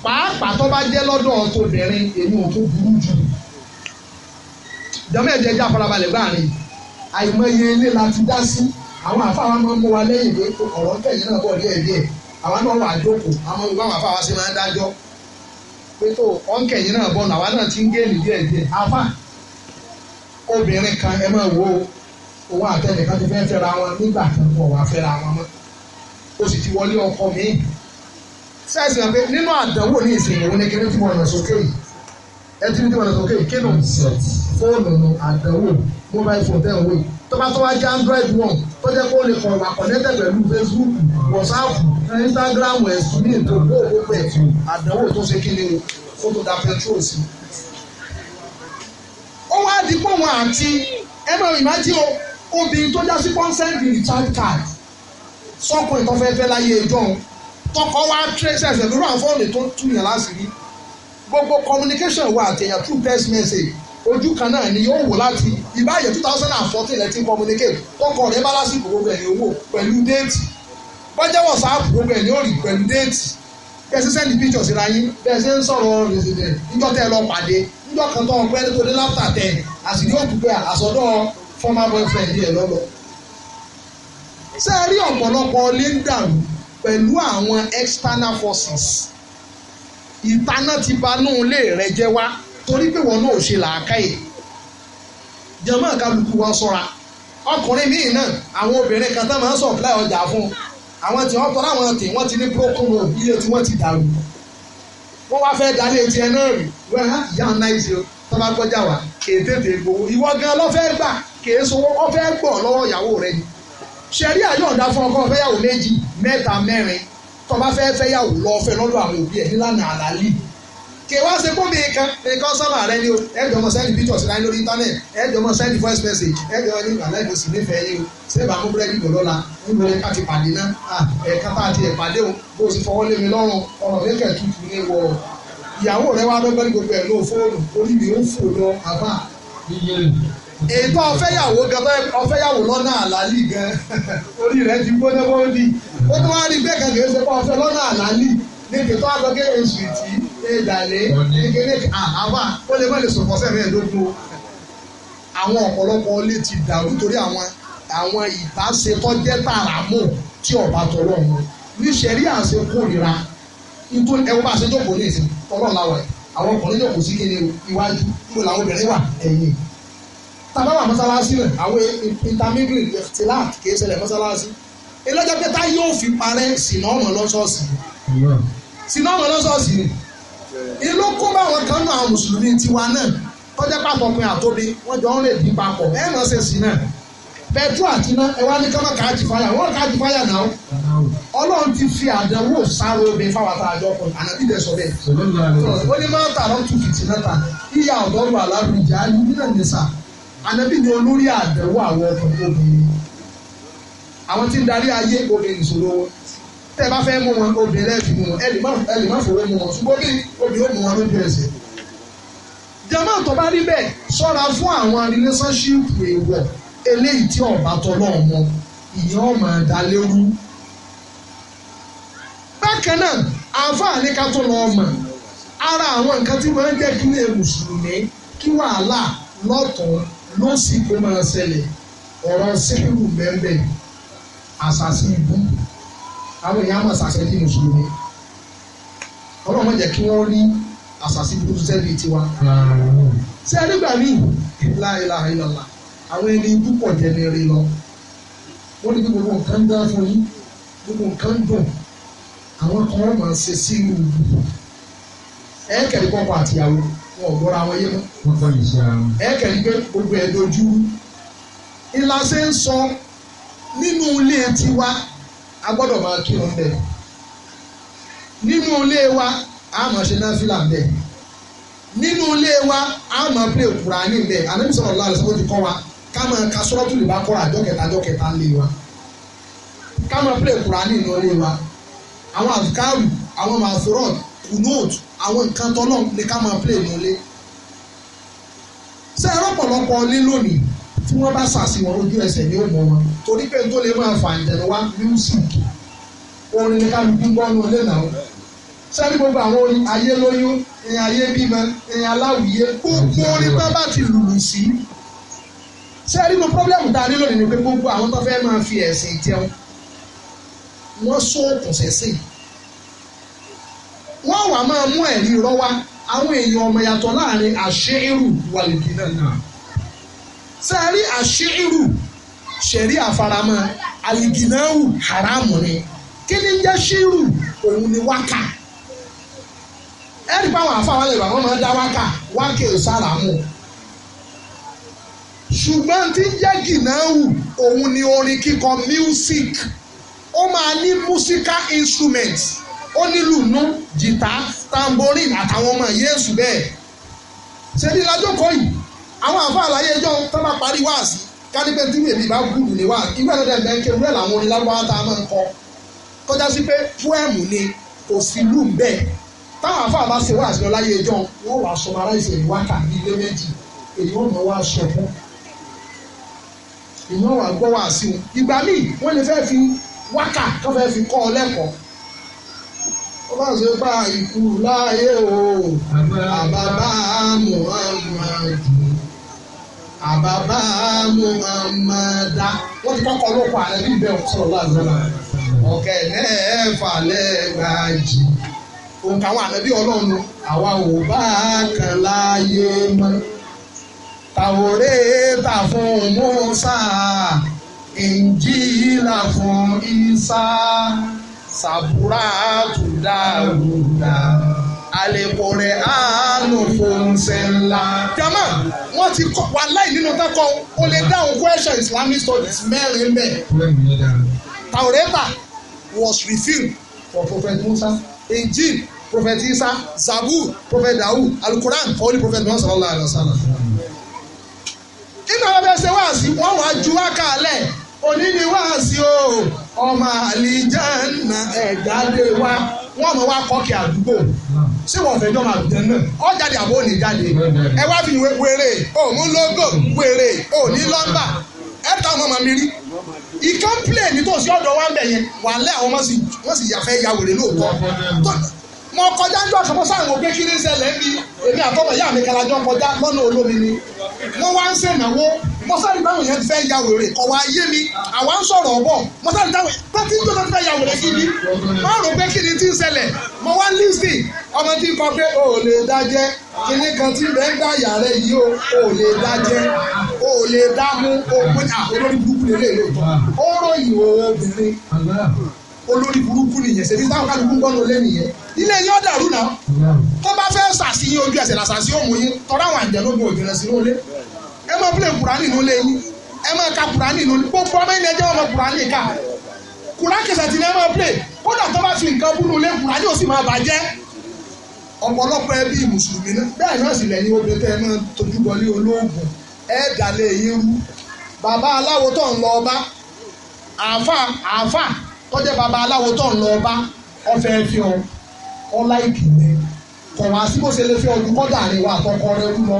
pàápàá tó bá jẹ́ lọ́dọ̀ ọ̀tọ̀bìnrin èmi ò tó burú jù jọmọ ẹ̀jẹ̀ jẹ́ gbáàrin yìí àìmọye ilé la ti dá sí àwọn àfáwọn máa ń mú wa lẹ́yìn pé ọ̀rọ̀ tẹ̀yìn náà bọ̀ díẹ̀ díẹ̀ àwa náà wà jókòó àwọn olùkọ́ àwọn àfáwọn sì máa ń dájọ́ pé tó ọ̀nkẹ̀yìn náà bọ̀ àwa náà ti ń géèlì díẹ̀ díẹ̀ afá obìnrin kan ẹ máa wo òun àtẹnìkan ti fẹ́ fẹ́ra wọn nígbà kan kọ̀ wá fẹ́ra wọn mọ́ ó sì ti wọlé ọkọ mi sẹ́sìn pé nínú àdánwò ní ìsìn òun ní kíní fún ọ̀nà sókè yìí ẹ ti ní tí wọn lọ sọ pé kí ló ń set fóònù nù àdánwò mobile phone tẹ̀ wò tọ́ba jẹ́ android one tó jẹ́ kó lè kọ̀ọ̀wà connected pẹ̀lú facebook whatsapp instagram ẹ̀sùn ní ìdókòwò gbogbo ẹ̀ àdánwò tó ṣe kí ni ó da petrol sí ó wá di pé àti ẹnu ìmájí o obìnrin tó já sí consent in child card sọkùnrin tó fẹ́ fẹ́ láyé ẹjọ́ tọkọ wá trace ẹsẹ̀ lórí àwọn fóònù tó túyàn láti rí gbogbo communication wa àti èèyàn through text message ojú kan náà ni yóò wò láti ìbáyé two thousand and fourteen ẹ̀ ti ń communicate tọkọ rẹ̀ bá lásìkò gbogbo ẹ̀ ní owó pẹ̀lú déètì bọ́jẹ́ wọ̀sáàpù gbogbo ẹ̀ ní òòrì pẹ̀lú déètì bẹ́ẹ̀ sẹ́sẹ́ ní pictures ra yín bẹ́ẹ̀ sẹ́ ń sọ̀rọ̀ rẹ̀sìdẹ̀ níjọ́ tẹ́ ẹ lọ pàdé níjọ́ kan tó ọgbẹ́ tó dé láfta tẹ̀ àsìrí òkú pé àsọdọ̀ former boyfriend yẹ lọ́lọ́. ṣé ẹ rí ọ̀pọ̀lọpọ̀ lè ń dàrú pẹ̀lú àwọn external forces ìtaná ti banú ilé rẹ jẹ́ wá torí pé wọn náà ṣe làákàyè jẹmọ kálukú wa ṣọ́ra ọkùnrin míì náà àwọn obìnrin kan tá máa ń sọ̀pláì ọjà fún àwọn tí wọ́n tọ́ láwọn tí wọ́n ti ní procono iye tí wọ́n ti dàrú wọ́n wá fẹ́ dalé etí ẹ náà rí wọ́n á yá ọ̀nà ìṣe tọ́ba gbọ́jà wá kèé tètè gbowó ìwọ gan ló fẹ́ gbà kèé sowó ó fẹ́ gbọ̀ lọ́wọ́ ìyàwó rẹ ni ṣẹ̀rí àyọ̀ǹda fún ọkọ fẹ́yàwó méjì mẹ́ta mẹ́rin tó bá fẹ́ fẹ́ yàwó lọ fẹ́ lọ́dọ̀ àwọn òbí ẹ̀ nílànà àlàlì kì í wá ṣe kó mi kan nǹkan sábà rẹ ni o ẹ̀jọ̀ mọ sẹ́ndì pictures sí láyé lórí internet ẹ̀jọ̀ mọ sẹ́ndì voice message ẹ̀jọ̀ ní aláìbò sí nífẹ̀ẹ́ yìí o sẹ́bà mú búrẹ́dì bọ̀ lọ́la níbo ẹ̀ka ti pàdé náà ẹ̀ka tá a ti ẹ̀ pàdé o bó o sì fọwọ́ lé mi lọ́rùn ọ̀rọ̀ mi kẹ̀ tutù ní wọ̀ ìyàwó rẹ wá dọ́gbẹ́ni gbogbo ẹ̀ ló fóònù orí mi ó fò lọ àbá ètò ọ̀fẹ́yàwó gan ọ̀fẹ́yàwó lọ́nà àlàálì gan orí rẹ̀ ti gbóná bóódì ó tún wá rí gbé kan kìí ṣe pé ọ̀fẹ́ lọ́nà àlàálì níbi tó àgọ́ gé oṣù ìtì ìdàlẹ́ kékeré àbá ó lè má lè sọ̀kọ́ sẹ́mi ẹ̀ẹ́dógún àwọn ọ̀pọ̀lọpọ̀ ilé ti dàrú torí àwọn àwọn ìbáṣe tó jẹ́ tààràmù tí ọ̀bá tọrọ wọn níṣẹ̀rí àṣẹ kórìíra ikú ẹ̀wọ́n bá ṣe jókòó ní ìsìn ọlọ́ọ̀lá wẹ̀ àwọn ọkùnrin jókòó sí kéde iwájú níbo làwọn obìnrin wà ẹ̀yìn tábàbà mọ́sálásí rẹ̀ àwọn intermingling tìlá kìí ṣẹlẹ̀ mọ́sálásí ìlọ́jọ́ pé táyé ò fi parẹ́ sínú ọmọ lọ́sọ̀ọ̀sì sínú ọmọ lọ́sọ̀ọ̀sì ni ìlú kó bá àwọn kan náà mùsùlùmí tiwa náà kọjá pàpọ̀ pin àtóbi wọ́n jọ ń lè dín papọ̀ ẹ̀ mọ̀ ṣe sí náà pẹ̀tù àti iná ẹ wá ní kọ́mọ káàdì fáyà wọ́n káàdì fáyà náà ọlọ́run ti fi àdánwò sáré obìnrin fáwọn àtàjọ kan ànábì dẹ̀ sọ bẹ́ẹ̀ ó ní mọ́tà lọ́tù fìtì náà ta ìyá ọ̀dọ́rùn aláàbò ìjà nínú ẹ̀ ànábì ni olórí àdánwò àwọn ọkùnrin obìnrin àwọn tí ń darí ayé obìnrin ìṣòro wọn tẹ́ ẹ bá fẹ́ mú wọn obìnrin lẹ́ẹ̀fì mú wọn ẹ lè má fòwé mú wọn ṣùgbọ́n bí obìnrin ó mú wọn lójú ẹsẹ̀ jama tó bá rí bẹ́ẹ̀ ṣọ́ra fún àwọn relationship èèwọ̀ eléyìí tí ọ̀bá tọ́lọ́ ọmọ ìyẹn ọmọ ẹ̀dálérú. bákan náà àǹfààní ká tó lọ ọmọ ara àwọn nǹkan tí wọ́n ń jẹ́ kí ní mùsùlùmí kí wàhálà lọ́tọ̀ọ́ lọ́sìkò máa ṣẹlẹ̀ ọ̀rọ̀ síkìrù bẹ́ẹ̀ àṣàṣì ibú àwọn èèyàn máa ṣàṣẹ ní mùsùlùmí ọlọ́run má jẹ́ kí wọ́n rí àṣàṣì ibú sẹ́bi tiwa. ṣé ẹ nígbà míì láìla ìlọ̀la àwọn ẹni ibú pọ̀ jẹni rí lọ ó ní gbogbo nǹkan dá fún yín gbogbo nǹkan dùn àwọn kan máa ṣe sí ìlú ẹ̀ kẹ́rì pọ́pọ́ àtìyàwó wọn ò gbọ́ra wọn yé mọ́. wọ́n fọ́ ìṣe ara wọn. ẹ kẹ́ni pé gbogbo ẹ̀ dojú. ìlà ṣe ń sọ nínú ilé tiwa a gbọ́dọ̀ máa kírun bẹ́ẹ̀. nínú ilé wa a máa ṣe náfìlà bẹ́ẹ̀. nínú ilé wa a máa pè Kùránì bẹ́ẹ̀. ànábì sallallahu alaihi wasallam ti kọ́ wa ká máa ka sọ́rọ́tù lè bá kọ́ra àjọ kẹta àjọ kẹta ń lé wa. ká máa pè Kùránì nínú ilé wa. àwọn àfikárù àwọn màsúrọ̀t kùnóòtù àwọn nǹkan tọ́lọ́hún ni ká máa play nílé ṣé ẹ rọ́pọ̀lọpọ̀ ní lónìí tí wọ́n bá sàṣì wọn ojú ẹsẹ̀ ní òmò wọn torí pé tó lè máa fà ìjẹ̀lẹ̀ wá music orin ní kálukú gbọ́nú ilé náà sẹ́ni gbogbo àwọn orin ayé lóyún ìyẹn ayé bímọ ìyẹn aláwìyé gbogbo orin tó bá ti lùlù sí sẹ́ni mo pọ́blẹ́mù tá a ní lónìí ni pé gbogbo àwọn tó fẹ́ máa fi ẹ̀sìn jẹun wọ́n sún òkùnṣẹ́sìn yìí wọ́n wà máa mú ẹ̀rí irọ́ wá àwọn èèyàn ọmọ yàtọ̀ láàrin àṣírù wàlìdì náà náà sẹ́ẹ̀rí àṣírù ṣẹ̀rí àfaramọ́ àlìgìnáwù haramu ni kí ni jẹ́ ṣírù òun ni wákà ẹ̀rí báwọn àfáwọn lè bàbá máa dá wákà wákè sáràmù ṣùgbọ́n tí ń jẹ́ gìnáwù òun ni orin kíkọ music ó máa ní musical instruments ó nílù nú jìtá tamborin àtàwọn ọmọ yéésù bẹ́ẹ̀ ṣe ní lájókòó yìí àwọn àfáà láyé ẹjọ́ tó bá parí wáàsí kálípẹ́ tí èmi bá gùdù ní wáàsí ìgbà tó dẹ̀ bẹ́ẹ̀ kí ewúrẹ́ làwọn orin lárúbáwá tá a máa ń kọ kọjá sí pé fúẹ̀mù ni kò sí lù ń bẹ́ẹ̀ táwọn àfáà bá ṣe wáàsí lọ láyé ẹjọ́ wọ́n wàá sọmọ aláìsàn ìwákà ní ilé méjì èyí ò náà wá sọ fún ìwọ́n wàá gbọ́ wáàsí wọn ìgbà míì wọ́n lè fẹ́ fi wákà kọ́ fẹ́ fi kọ́ ọ lẹ́kọ̀ọ́ wọ́n ṣe bá ikú láyé o àbábá muhammadu àbábá muhammadu. wọ́n ti kọ́kọ́ lóko ààrẹ bí bẹ́ẹ̀ sọ̀rọ̀ láàzọ́là ọ̀kẹ́ lẹ́ẹ̀fà lẹ́ẹ̀gbàjì òǹkà àwọn ànábì ọlọ́run àwa ò bá kan láyé mọ́ tàwóré tà fún Mùsá Ìnjílà fún Ìsá. Sabura sàbúrà àtúndàrúdà àlèkùnrin àánú fòǹsẹ̀ ńlá. jama wọn ti kọ wà láì nínú tako o lè dáhùn question Islamic studies mẹ́rin bẹ́ẹ̀. taureta was revealed for Prophet Musa Injil Prophet Isa Zabu, Prophet Dawu, Al-Quran holy Prophet Muhammad sallallahu alayhi wa sallam. nínú àwọn ẹgbẹ́ ṣe wáàsí wọ́n wá ju wákàlẹ̀ òní ni wáàsí o ọmọ àlìjáná ẹ̀jáde wa wọ́n mọ̀ wá kọ́kì àdúgbò ṣé wọ́n fẹ́ jọmọ àbùdán náà ọ jáde àbó ní jáde ẹ wá fi ìwé wéré òun lógò wéré òní lọ́mbà ẹ ta ọmọ màmí rí ìkànnì plẹ̀ nítòsí ọ̀dọ̀ wa ń bẹ̀ yẹn wàhálẹ́ àwọn wọ́n sì yàfẹ́ yà wèrè lóòótọ́ mo kọjá ń jọ àkàmọ́ sáwọn ògbé kiri ń ṣẹlẹ̀ ń bi èmi àtọ́mọ̀ ìyá mi kalajọ́ kọjá lọ́nà olómi ni wọ́n wá ń ṣènáwó mo sáré táwọn yẹn fẹ́ ya wèrè kọ̀ wá yé mi àwa ń sọ̀rọ̀ ọ̀bọ̀ mo sáré táwọn pátí tó tó fẹ́ ya wèrè kí ni wọ́n rò pé kí ni ti ń ṣẹlẹ̀ mo wá lísì ọmọ tí n kọ pé o ò lè dájẹ́ kíní kan tí bẹ́ẹ̀ ń gbà yà rẹ yìí o ò lè dájẹ́ o lè dá mú o pé à olórí burúkú lè lò ó ròyìn òun obìnrin olórí burúkú nìyẹn ṣèbí táwọn kálukú gbọ́n ló lé nìyẹn ilé yóò dàrú náà tó bá fẹ́ sàṣì yín ojú ẹsẹ̀ làṣàṣì òmù yín tọ́ra àwọn àjẹ́ lógun òjìnà sínú ilé ẹ máa pílẹ̀ kùránì nínú ilé yín ẹ máa ka kùránì nínú ilé gbogbo ọmọ ilé ẹjẹ́ wọn máa kùránì ká kùránì kẹsẹ̀ ti ní ẹ máa pílẹ̀ kódà tó bá fi nǹkan búrú ilé kùránì ò sì máa bàjẹ́ ọ̀pọ̀lọpọ̀ ẹbí mùsùlùmí bẹ́ẹ̀ náà sì lẹ́yìn obìnrin tẹ́ ẹ máa tójú bọlé olóògùn ẹ̀ẹ́dà lè yín rú bàbá aláwo tó ń lọ ọba àáfà àáfà tọ́jẹ́ bàbá aláwo tó ń lọ ọba ọfẹ́ fi ọ ọlá ìkì rẹ kọ̀ wá sí bó ṣe lè fi ọdún kọ́dà rẹ wà àtọkọ rẹ kú lọ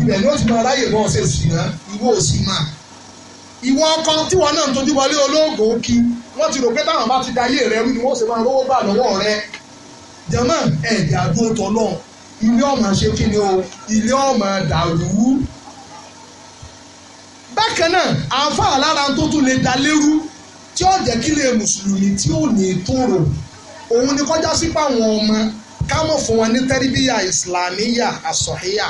ibẹ̀ ni ó ti máa ráyè bọ́ọ̀ ṣe sì ná ìwọ òsì máa ìwọ ọkọ tíwọ náà ń tójú wọlé olóògùn òkì wọ́n ti rò pé táwọn bá ti da ayé rẹ rú ni wọ́n sì máa rówó gbà lọ́wọ́ rẹ jẹ̀mọ́ ẹ̀dẹ̀ àdúró tọ́lọ́ ilé ọmọ ṣe kí ni o ilé ọmọ dàrú bákan náà àǹfààní lára tó tún lè da lérú tí ó jẹ́ kí lè mùsùlùmí tí ò ní tòrò òun ni kọjá sí pàwọn ọmọ kámọ̀ fún wọn ní tẹ́rìbíyà ìsìlámíyà àsọ̀híyà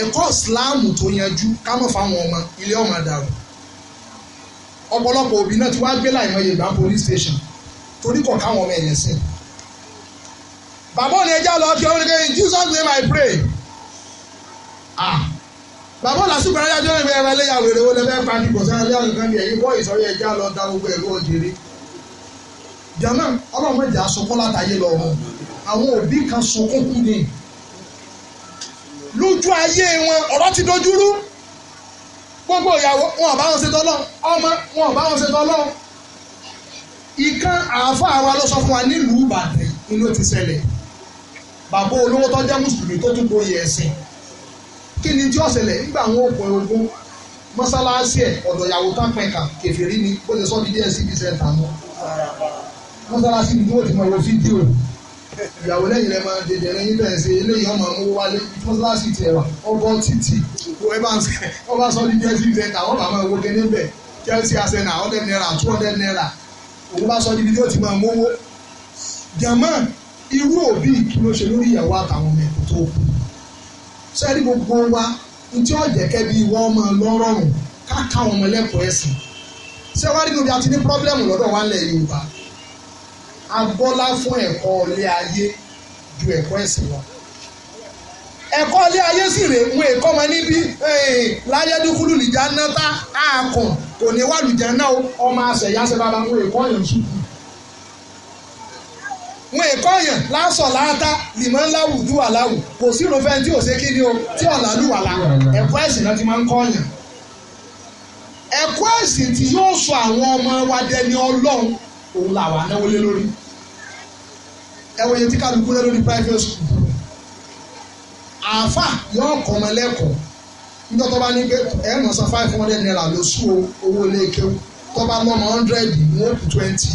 ẹ̀kọ́ ìsìláàmù tó yanjú kámọ̀ fáwọn ọmọ ilé ọmọ dàrú ọ̀pọ̀lọpọ̀ òbí náà ti wá gbé láìmọ̀ yorùbá police station torí kọ̀ káwọn ọmọ ẹ̀yẹ sí. bàbá òní ẹja lọ kí ọmọ nìkan in Jesus name I pray. Ah bàbá làásùgbọ́n ayé ajọ́ ìwé ẹ̀rọ ẹlẹ́yà wèrè wo lẹ́fẹ́ pa ní kòsán ẹlẹ́yà nìkan ní ẹ̀yìn bọ́ọ̀lù sọ́yẹ́ ẹja lọ da gbogbo ẹ̀rọ òjèrè. jama ọlọ́run mẹ́jọ asokun látàyè lọ ọ̀run àwọn òbí kan sunkún kú ni. lójú ayé wọn ọ̀rọ̀ ti dojúrú gbogbo ìyàwó wọn ò bá wọn ṣe tọ́lọ́ ọmọ wọn ò bá wọn ṣe tọ́lọ́ ìkan àáfàá wa ló sọ fún wa nílùú Ìbàdàn inú ti ṣẹlẹ̀ bàbá olówó tó jẹ́ mùsùlùmí tó tún gboyè ẹ̀sìn kí ni tí ó ṣẹlẹ̀ nígbà àwọn okùn ogun mọ́sálásí ẹ̀ ọ̀dọ̀ ìyàwó tápẹ̀ka kẹfìrí ni bó ṣe sọ ní DSCB center mọ́ mọ́sálásí ni wọ́n ti mọ ìwọ fídíò ìyàwó lẹ́yìn rẹ̀ máa dèdè rẹ̀ yín bẹ̀rẹ̀ sí eléyìí ọmọ mú wálé mọ́sálásí tiẹ̀ wà ọgbọ́n títì wọ́n bá sọ ní DSCB center wọ́n bá máa wo kéde bẹ̀ Chelsea Arsenal hundred naira two hundred naira òun bá sọ níbi tí ó ti máa mówó jàmọ́ irú òbí kí ló ṣe lórí ìyàwó àtàwọn ọmọ ẹ̀kọ́ tó kù sẹ́rí gbogbo wa ntí ọ̀jẹ̀ kẹ́bi wọ́n máa lọ́rọ̀rùn káka wọn mọ̀lẹ́kọ̀ọ́ ẹ̀sìn ṣé wàá rí níbi àti ní pọ́blẹ́mù lọ́dọ̀ wa lẹ̀ Yorùbá agbọ́lá fún ẹ̀kọ́ ilé ayé ju ẹ̀kọ́ ẹ̀sìn wa ẹ̀kọ́ ilé ayé sì rè mú ẹ̀kọ́ ọmọ níbí eh, láyé dúkúlù nìjà náà tá a kàn kò ní wàlùjẹ náà ọmọ àṣẹyàṣẹ bàbá mú ẹ̀kọ́ yẹn sùkúrù wọn èkó yàn lásọ̀ láàtá lìmọ̀ ńlá wùdú àláwù kò sí ìrọ̀fẹ́ tí ò ṣe kí ni o tí ọ̀là lù wàlà ẹ̀kọ́ ẹ̀sìn náà ti máa ń kọ́ yàn. ẹ̀kọ́ ẹ̀sìn tí yóò sọ àwọn ọmọ wa dẹni ọlọ́run òun làwa náwó lé lórí. ẹ wo iye tí kálukú lé lórí private school. àáfà yóò kọ́ ọmọ lẹ́kọ̀ọ́ nítorí tó bá ní pé ẹ̀ ń san five hundred naira lóṣù owó ilé kéwù tó bá lọ́mọ hundred ní ó kù twenty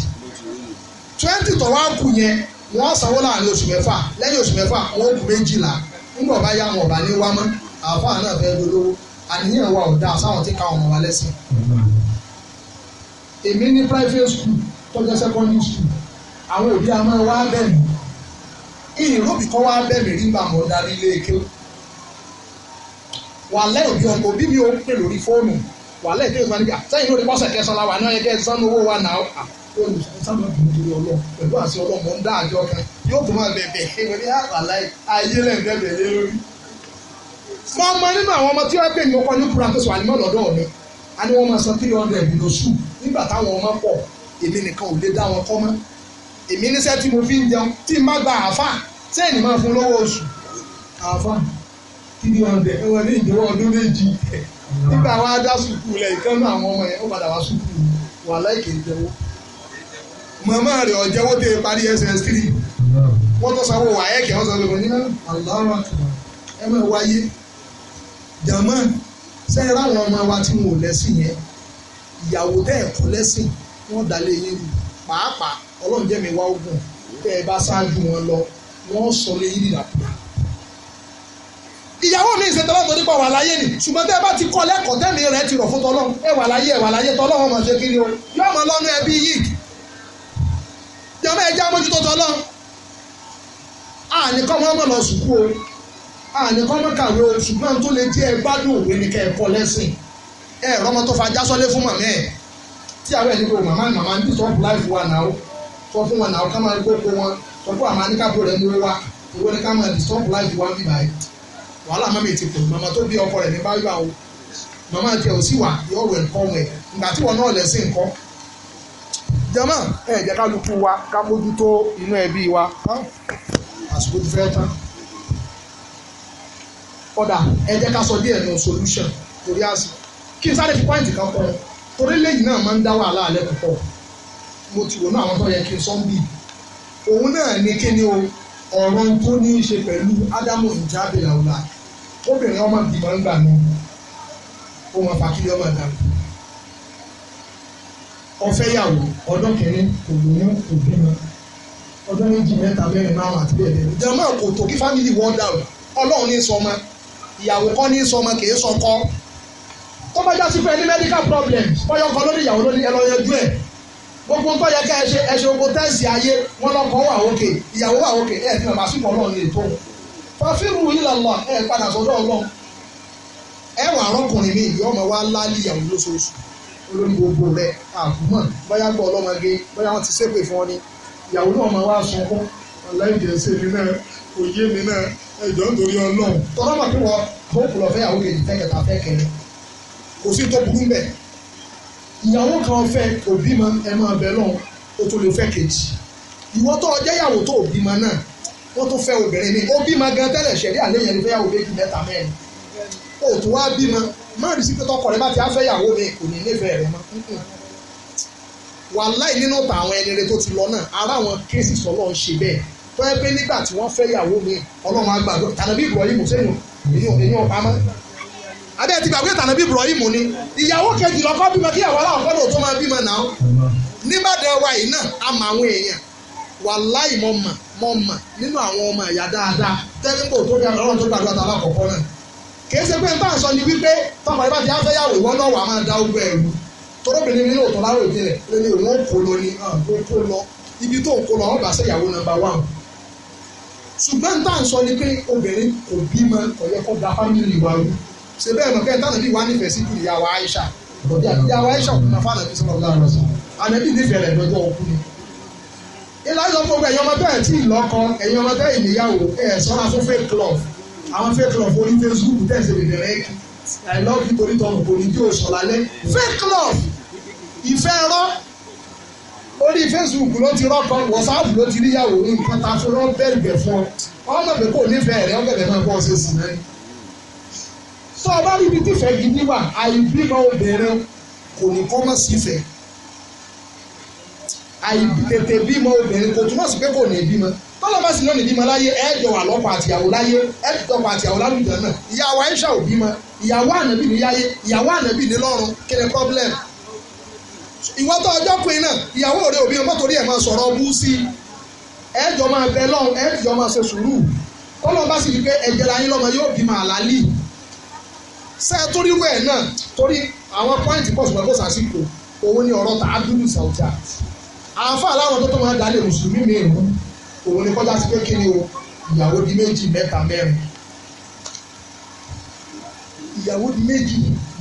twenty tó wá kù yẹn wọ́n sanwó láàrin oṣù mẹ́fà lẹ́yìn oṣù mẹ́fà méjìlá ńgbọ̀ bá yá wọn ọ̀bà ní wá mọ́ àáfàá náà fẹ́ àníyàn wa ò dáa sáwọn tí ka ọmọ wa lẹ́sìn. èmi ní private school tọ́jọ́ secondary school àwọn òbí a máa wá wá nígbà darí ilé wà lẹ́ òbí ọkọ̀ òbí mi ò pè lórí fóònù wà olùsọ̀tàmọ̀ ìdúró ọlọ́ pẹ̀lú àti ọlọ́mọ ń dá àjọ kan yóò tó máa bẹ̀bẹ̀ ìwọlé àbàlá ayé lẹ́ẹ̀dẹ́gbẹ̀ lé lórí. mo mọ nínú àwọn ọmọ tí wọ́n pè ní ọkọ ní kúrakẹ́sọ àlùmọ́ lọ́dọ̀ mi a ní wọ́n máa san three hundred lóṣù nígbà táwọn ọmọ pọ̀ èmi nìkan ò lè dá wọn kọ́ mọ́ èmi níṣẹ́ tí mo fi ń jẹun tí n bá gba àáfà sẹ́ẹ̀nì máa fún lọ́wọ́ oṣù àáfà three hundred ẹ̀wọ̀n ní ìdíwọ́ ọdún méjì nígbà wa dá sùkúù lẹ̀ ìkànnì àwọn ọmọ yẹn ó padà wá sùkúù wà láìkè ìjẹun màmá rẹ̀ ọ̀jẹ́wọ́ tẹ̀ parí ss3 wọ́n tó sanwó wáyẹ́kì wọ́n sanwó ní aláwọ̀ ẹ máa wáyé jàmọ́ sẹ́yìn ráwọn ọmọ wa tí wọn ò lẹ́sìn yẹn ìyàwó tẹ́ ẹ̀ kọ́ lẹ́sìn wọ́n dalẹ̀ yín lu pàápàá ọlọ́run jẹ́ mi wá ogun tẹ́ ẹ bá ṣáájú wọn lọ wọ́n sọ lé yín nìyàkúrà ìyàwó mi ìṣètò ọlọ́run nípa wà láyé ni ṣùgbọ́n tẹ́ ẹ bá ti kọ́ lẹ́kọ̀ọ́ tẹ́mi rẹ̀ ti rọ̀ fún tọ́lọ́run ẹ wà láyé ẹ wà láyé tọ́lọ́run ọmọ ṣe kiri o yọ jàmbá ẹja mójútó tọ́lọ́ àníkọ́ wọn mọ̀ lọ sùkú o àníkọ́ wọn kàwé o ṣùgbọ́n tó lè jẹ́ gbádùn òwe ni kẹ́ lẹ́sìn ẹ rọmọ tó fa jásọ́lé fún màmá ẹ tí àwọn ẹni pé màmá màmá ní sọ́ọ̀bù láìfù wa náà sọ fún wọn náà ká máa gbogbo wọn sọ fún àmà níkàbó rẹ ní wíwá ìwé ní ká máa ní sọ́ọ̀bù láìfù wa bíbá yìí wàhálà má mi ti pè màmá tó bí ọkọ rẹ ní báyìí bá o màmá tiẹ̀ ò sí wà yọ̀ọ̀rọ̀ jama ẹ jẹ́ kálukú wa ká mójútó inú ẹbí wa àsìkò ti fẹ́ tán ọ̀dà ẹ jẹ́ ká sọ díẹ̀ nù solution torí àsìkò kí n sáré fi pọ́ìntì kan kọ́ torí lẹ́yìn náà máa ń dá wàhálà alẹ́ púpọ̀ mo ti wò náà àwọn tó yẹ kí n sọ ń bì òun náà ní kí ni o ọ̀rọ̀ tó ní í ṣe pẹ̀lú ádámù ìjábẹ̀ làwùlà obìnrin ọmọ ìgbìmọ̀ ń gbà mí ó wọn fà ọmọ ìdàgbà ọfẹ́yàwó ọdún kẹrin kò lóyún kò bímọ ọdún méjì mẹ́ta mẹ́rin márùn àti bẹ́ẹ̀ bẹ́ẹ̀ jama kò tó kí fámìlì wọ́n dàrú ọlọ́run ní sọmọ ìyàwó kọ́ ní sọmọ kì í sọkọ tó já sí pé ní medical problems bọ́yọ̀ kan lórí ìyàwó lórí ẹlọ yanjú ẹ̀ gbogbo tó yẹ ká ẹ ṣe gbogbo tẹ́sì ayé wọn lọkọ wà òkè ìyàwó wà òkè ẹ ti màmá sípò ọlọ́run ètò fàfírù ìlànà ẹ padà sọ́dọ̀ ọlọ́run ẹ wà arọ́kùnrin mi ìyá wa lálẹ́ ìyàwó lóṣooṣù olórí gbogbo rẹ̀ àbúmọ̀ bóyá gbọ́ ọlọ́mọge bóyá wọ́n ti ṣépè fún ọ ni ìyàwó náà máa wá sunkún aláìjẹsẹ̀ mi náà òye mi náà ẹjọ́ nítorí ọlọ́run tọ́lá mà pípọ̀ hope lọ fẹ́ ìyàwó kejì fẹ́ kẹta fẹ́ kẹrin kò sí tó burú bẹ́ẹ̀ ìyàwó kan fẹ́ òbí ma ẹ máa bẹ lọ́hùn ó tó lè fẹ́ kejì ìwọ tó ọjẹ́ ìyàwó tó òbí ma náà wọ́n tó fẹ́ obìnrin mi òbí ma gan tẹ́lẹ̀ ṣẹ̀rí àléyìn ẹni fẹ́yàwó méjì mẹ́ta mẹ́rin o tún wá bímọ má rí sí pé tọkọ rẹ bá ti á fẹ́ yàwó mi kò ní nífẹ̀ẹ́ rẹ mọ́ wàláì nínú ọ̀tà àwọn ẹni rẹ tó ti lọ náà ara àwọn kéésì sọlọ ń ṣe bẹ́ẹ̀ tó yẹ pé nígbà tí wọ́n fẹ́ yàwó mi ọlọ́run àgbàdo tànàbí Ibrahim sẹ́yìn èyí ò pamọ́ abẹ́ ti gbàgbé tànàbí Ibrahim ni ìyàwó kejì lọ́kọ́ bímọ kí àwọn aláwọ̀ fọ́dọ̀ tó máa bímọ náà nígbàdàn wa yìí náà a mọ àwọn èèyàn wàláì mọ̀ mọ̀ mọ̀ nínú àwọn ọmọ ìyá dáadáa tẹ́lifò tó bí ọlọ́run tó gbàdúrà tó alákọ̀ọ́kọ́ náà kìí ṣe pé n táà sọ ni wípé tọkọ ìbá ti á fẹ́ yàwó ìwọ náà wà á máa da ogun ẹ̀rù torobìnrin nínú òtún láàrò ìpínlẹ̀ lórí òun kò lọ ni ó kó lọ ibi tó ń kó lọ ọba ṣe ìyàwó nọ́mbà wà. ṣùgbọ́n táà ń sọ ni pé obìnrin kò bímọ kò yẹ kó da fámìlì wa rú ṣe bẹ́ẹ̀ lọ́kẹ́ táwọn ìbí wa nífẹ̀ẹ́ sí ju ìyàwó Aisha bọ̀dí àti ìyàwó Aisha òkúta fáwọn ẹbí sọ̀rọ̀ láàrọ̀ sọ ànẹ́bí nífẹ̀ẹ́ rẹ̀ lọ́jọ́ òkú ni. ìlànà ìlọ́pọ̀ ẹ̀yọ́mọ bẹ́ẹ̀ tí ì lọ́kọ ẹ̀yọ́mọ bẹ́ẹ̀ ìníyàwó ẹ̀ sọ́ra fún fake love àwọn fake love orí Facebook tẹ̀sí lè dẹ̀rẹ́ kí i love you torí tọ̀nù kò ní kí o sọ̀ lálẹ́ fake love ìfẹ́ rọ́ orí Facebook ló ti rọ́kọ WhatsApp ló ti ríyàwó ní nǹkan ta fún rọ́ bẹ́ẹ̀ bẹ̀ fún ọ ọmọ mi kò nífẹ̀ẹ́ rẹ ọgbẹ̀dẹ̀ máa bọ́ ọ ṣe sìn náà sọ ọba níbi tífẹ̀ gidi wà àìbímọ obìnrin kò ní kọ́ mọ́ sífẹ̀ẹ́ àìtètè bímọ obìnrin kò túmọ̀ sí pé kò ní bímọ tọ́lọ́mọ sì náà níbí mọ láyé ẹ̀ẹ́dọ̀ wà lọ́kọ àtìyàwó láyé ẹ̀ẹ́dọ̀ wà àtìyàwó lálùjọ náà ìyàwó Aisha ò bímọ ìyàwó ànábì ní yáyé ìyàwó ànábì ní lọ́run kí ni problem. ìwọ tó ọjọ́ pin náà ìyàwó rẹ òbí ọmọ torí ẹ̀ máa sọ̀rọ̀ bú sí i ẹ̀ẹ́dọ̀ máa bẹ lọ́run ẹ̀ẹ́dọ̀ máa ṣe sùúrù tọ́lọ́mọ sì ní pé ẹ̀jẹ̀ láyé lọ́mọ yóò bímọ àlálì ṣe é torí wẹ̀ náà torí àwọn pọ́ìntì pọ̀ ṣùgbọ́n kò sàṣìkò òun ni ọ̀rọ̀ tààdúrù sàwùjà àáfàá láwọn tó tó máa dalẹ̀ mùsùlùmí mi rùn òun ni kọjá sí pé kí ni o ìyàwó di méjì mẹ́ta mẹ́rin ìyàwó di méjì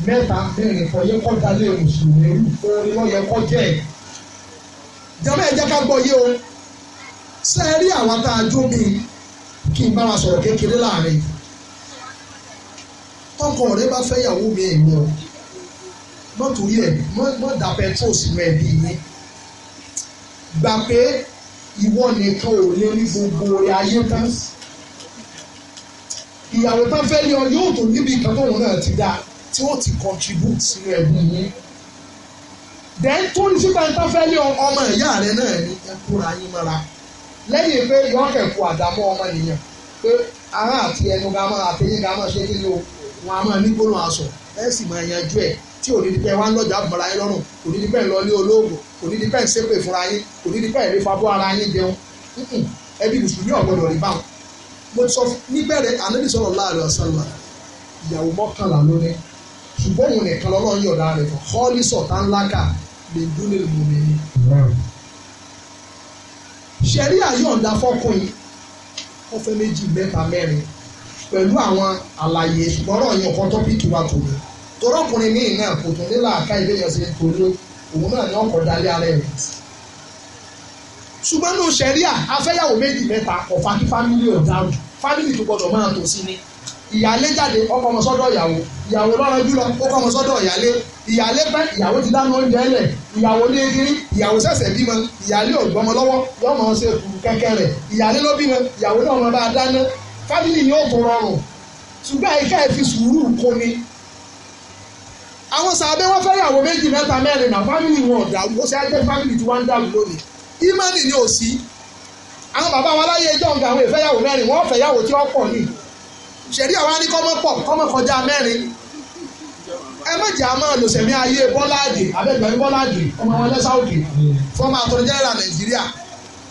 mẹ́ta mẹ́rin kan yẹ kọ́ dalẹ̀ mùsùlùmí orin wọn yẹ kọ́ jẹ́ ẹ̀. jama ẹ jẹ́ ká gbọ́ yé o ṣe é rí àwọn tá a jó mi kí n bá wa sọ̀rọ̀ kékeré láàrin tọkọ rẹ bá fẹ́ yàwó mi ẹ̀mí o mọ́tò yẹ mọ́ da petrol sínú ẹbí gbà pé ìwọ nìkan ò lè rí gbogbo orí ayé tán ìyàwó tán fẹ́ lé ọ yóò tó níbi ìkan tóun náà ti dá tí ó ti contribute sínú ẹ̀bùn yín then tó ní sípà tán fẹ́ lé ọmọ ìyá rẹ náà ní ẹkúra yín mọ́ra lẹ́yìn pé yọ̀ọ́kẹ̀kọ̀ àdámọ́ ọmọ nìyẹn pé ara àti ẹnu gamọ́ àtẹ̀yìn gamọ́ ṣe kí ni o wọn a máa ní gbólóhùn aṣọ ẹ sì máa yanjú ẹ̀ tí òní pẹ́ wá ń lọ́jà bọ̀ra yín lọ́rùn òní pẹ́ ń lọlé olóògùn òní pẹ́ ń ṣépè fúnra yín òní pẹ́ ń fabọ́ ara yín jẹun ẹbí mùsùlùmí ọ̀gbọ́dọ̀ rí báwọn. mo sọ níbẹ̀rẹ̀ ànábì sọ̀rọ̀ láàrin ọ̀sán la ìyàwó mọ́kànlá lónìí ṣùgbọ́n òun nìkan lọ́lọ́run yọ̀dá rẹ̀ fún họ́ọ́lì sọ̀tà ńlá kà lè dúró lè mú mi ní. ṣẹ̀rí àyọ̀ǹda fọ́kùnrin ó fẹ́ méjì mẹ́ta mẹ́rin pẹ̀lú àwọn àlàyé ṣùgbọ́n ọ̀rọ̀ yẹn ọ̀kan tọ́pìkì wa tòun torọkùnrin míì náà kò tún nílà àká ìbéèrè ọ̀sẹ̀ ìkòló òun náà ní ọkọ̀ dalé ara ẹ̀ ṣùgbọ́n ní sẹ́ríà afẹ́yàwó méjì mẹ́ta ọ̀fà kí fámílì ò dáhùn fámílì tó gbọdọ̀ máa tò sí ni ìyálé jáde ọkọ ọmọ sọ́dọ̀ ìyàwó ìyàwó lọ́rọ̀ jùlọ ọkọ ọmọ sọ́dọ̀ ìyálé ìyálé pẹ́ ìyàwó ti dáná oúnjẹ lẹ̀ ìyàwó ní egirí ìyàwó ṣẹ̀ṣẹ̀ bímọ ìyálé ò gbọmọ lọ́wọ́ yọmọ ṣe kùrù kẹ́kẹ́ ìyálé ló bímọ ìyàwó náà ọmọ bá dáná fámílì ni ó tó rọrùn ṣùgbọ́n àyíká ẹ̀ fi sùúrù kó àwọn sàbẹ̀ wọn fẹ́ yàwó méjì mẹ́ta mẹ́rin náà fámìlì wọn ọ̀dà ó ṣe ajẹ́ fámìlì tí wọ́n ń dàrú lónìí ìmánì ni ò sí àwọn bàbá wọn láyé ẹjọ́ nǹkan àwọn ìfẹ́yàwó mẹ́rin wọ́n fẹ́yàwó tí wọ́n pọ̀ ní ṣẹ̀rí àwa ní kọ́mọ́ pọ̀ kọ́mọ́ kọjá mẹ́rin ẹ má jẹ́ àmọ́ lòsẹ̀mí ayé bọ́láàdì abẹ́gbẹ̀rin bọ́láàdì ọmọ wọn lẹ́sàódì fọ́mọ àtọ́ni jẹ́nẹ́rà nàìjíríà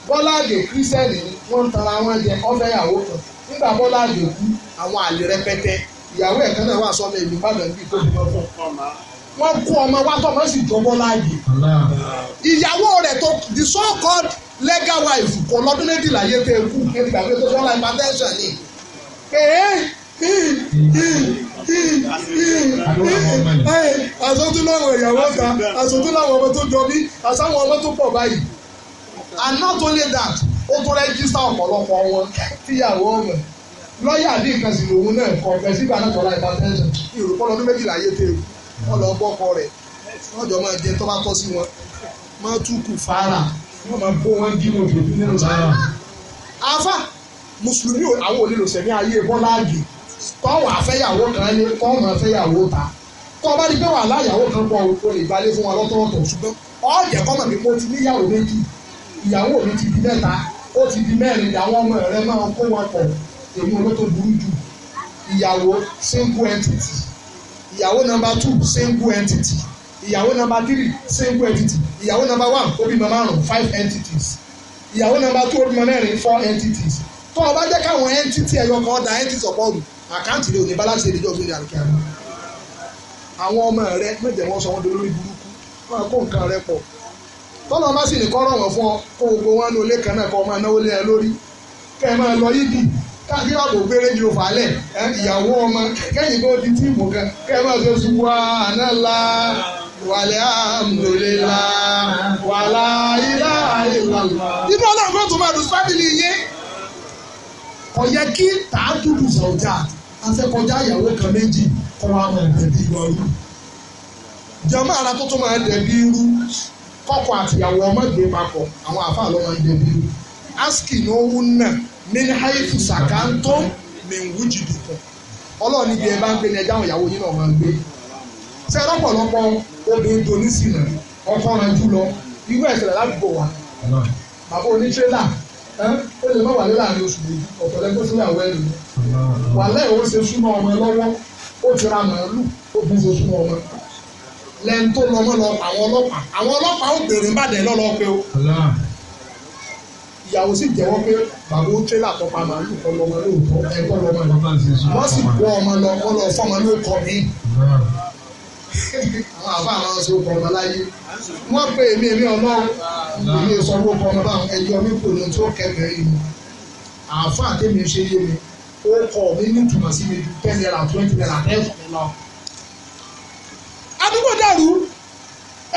bọ́láàdì kírísẹ́nì wọ́n ń tara wọn jẹ ọ̀fẹ́yàwó kan nígbà bọ́láàdì òkú àwọn àlè rẹpẹtẹ ìyàwó ẹ̀kan náà wà sọmọ èmi gbàdọ̀ níbi tó fi lọ́fọ̀ wọ́n kó ọmọ wa tọmọ sì jọmọ láàyè ìyàwó rẹ̀ tó the so called legal wife kò lọ́dún méjìlá yé pé kú pé gbàgbé tó sọ́la hypertension ni pé àsọtún láwọn ìyàwó ta àsọtún láwọn ọmọ tó jọ bí àsáwọn ọmọ tó pọ̀ báyìí and not only that ó tún rẹ́gísítà ọ̀pọ̀lọpọ̀ wọn tíyàwó ọ̀mọ̀ lọ́ọ̀yà bí nǹkan sì lòun náà kọ̀ ọ̀fẹ́ sígbà náà tọ́lá ìbá tẹ́sán ìròpọ̀ lọ́dún méjìlá ayé tẹ̀ wọ́n lọ bọ́ ọkọ rẹ̀ wọ́n jọ máa jẹ tó bá tọ́ sí wọn máa tú kù fara wọ́n máa kó wọn dí wọn òfin nínú sára. afa mùsùlùmí àwọn olè lòsẹ̀mí ayé bọ́láàgì tọ́wọ́ àfẹ́yàwó kan ní kọ́ọ̀mù àfẹ́yàwó ta tọ́ bá di pé wà láyàwó kan pọ̀ o lè balẹ̀ fún wa lọ́tọ̀ọ̀tọ̀ ṣùgbọ́n ọ̀jẹ̀ kọ́mọ̀ mi mo ti níyàwó méjì ìyàwó mi ti di mẹ́ta ó ti di mẹ́rin ìyàwó ọmọ rẹ máa kó wọn pọ̀ èyí owó tó burú jù ìyàwó single entity ìyàwó number two single entity ìyàwó number three single entity ìyàwó number one ó bímọ márùn five entities ìyàwó number two ó bímọ mẹ́rin four entities tó o bá jẹ́ káwọn entity ẹ̀yọ kan da entity ọ̀pọ̀ rù àkáǹtì rẹ ò ní balance rẹ jọ́ gbélé àrùkẹ́ àná àwọn ọmọ rẹ méje wọn sọ wọn dolórí burúkú wọn kó nǹkan rẹ pọ̀ tọ́lọ́ bá sì ní kọ́ rọ̀ wọ́n fún ọ kó gbogbo wọn ní olé kan náà kọ́ ọ máa náwó lé ẹ lórí kẹ́ ẹ máa lọ yídì káàkiri àbò péré ni o ìyàwó ọmọ kẹ́yìn tó di tíìmù kan kẹ́yìn máa ṣe ṣubúwa àná la wàlẹ́ àmúlélá wàlá ilá ìlànà. inú ọlọ́run kò tó máa dùn fábìlì yín. kò kí tààdùdù sọ̀jà afẹ́kọjá ìyàwó kan méjì kọ́ wa mọ̀ ẹ̀bí lọ́rù. jọmọ ara tó tó máa dẹ̀bi irú kọ́kọ́ àtìyàwó ọmọ gbé papọ̀ àwọn àfa ló máa dẹ̀bi irú. aski ní owó náà mini haifu sakanto mewuji dìkan ọlọ́run níbi ẹ bá ń gbé ní ẹja àwọn ìyàwó yín náà máa ń gbé ṣé ọlọ́pọ̀lọpọ̀ obìnrin tó ní sínú ọkọ rẹ̀ jù lọ irú ẹ̀sẹ̀ rẹ̀ ládùúgbò wa bàbá onítírélà ó lè má wà ní láàrin oṣù méjì ọ̀tọ̀ lẹ́gbẹ́ sílẹ̀ àwọ̀ ẹ̀rù wà lẹ́yìn ó ṣe súná ọmọ lọ́wọ́ ó ti ra màálù ó fi ṣe súná ọmọ lẹ́yìn tó lọ́mọ́ lọ àwọn ọlọ́pàá àwọn ọlọ́pàá ó bèrè ń bàdẹ́ lọ́lọ́ pé ó ìyàwó sì jẹ́wọ́ pé bàbá ó tẹ́lá tó pa màálù kọ́ lọ́mọ lóòótọ́ ẹ̀kọ́ lọ́mọ lọ wọ́n sì kó ọmọ lọ kọ́ lọ fọ́mọ lóòótọ́ mi. àwọn àbá máa ń so ọkọ̀ ọmọ láyé wọ́n pe èmi èmi ọlọ́run èmi sọ owó kọ́ ọmọ báwọn ẹjọ́ mi kò ní tó kẹfẹ́rì mi àáfà àtẹ̀mí ṣe yé mi ó kọ́ mi ní ìtumọ̀ sí mi ten naira twenty naira ten lọ. àdúgbò dàrú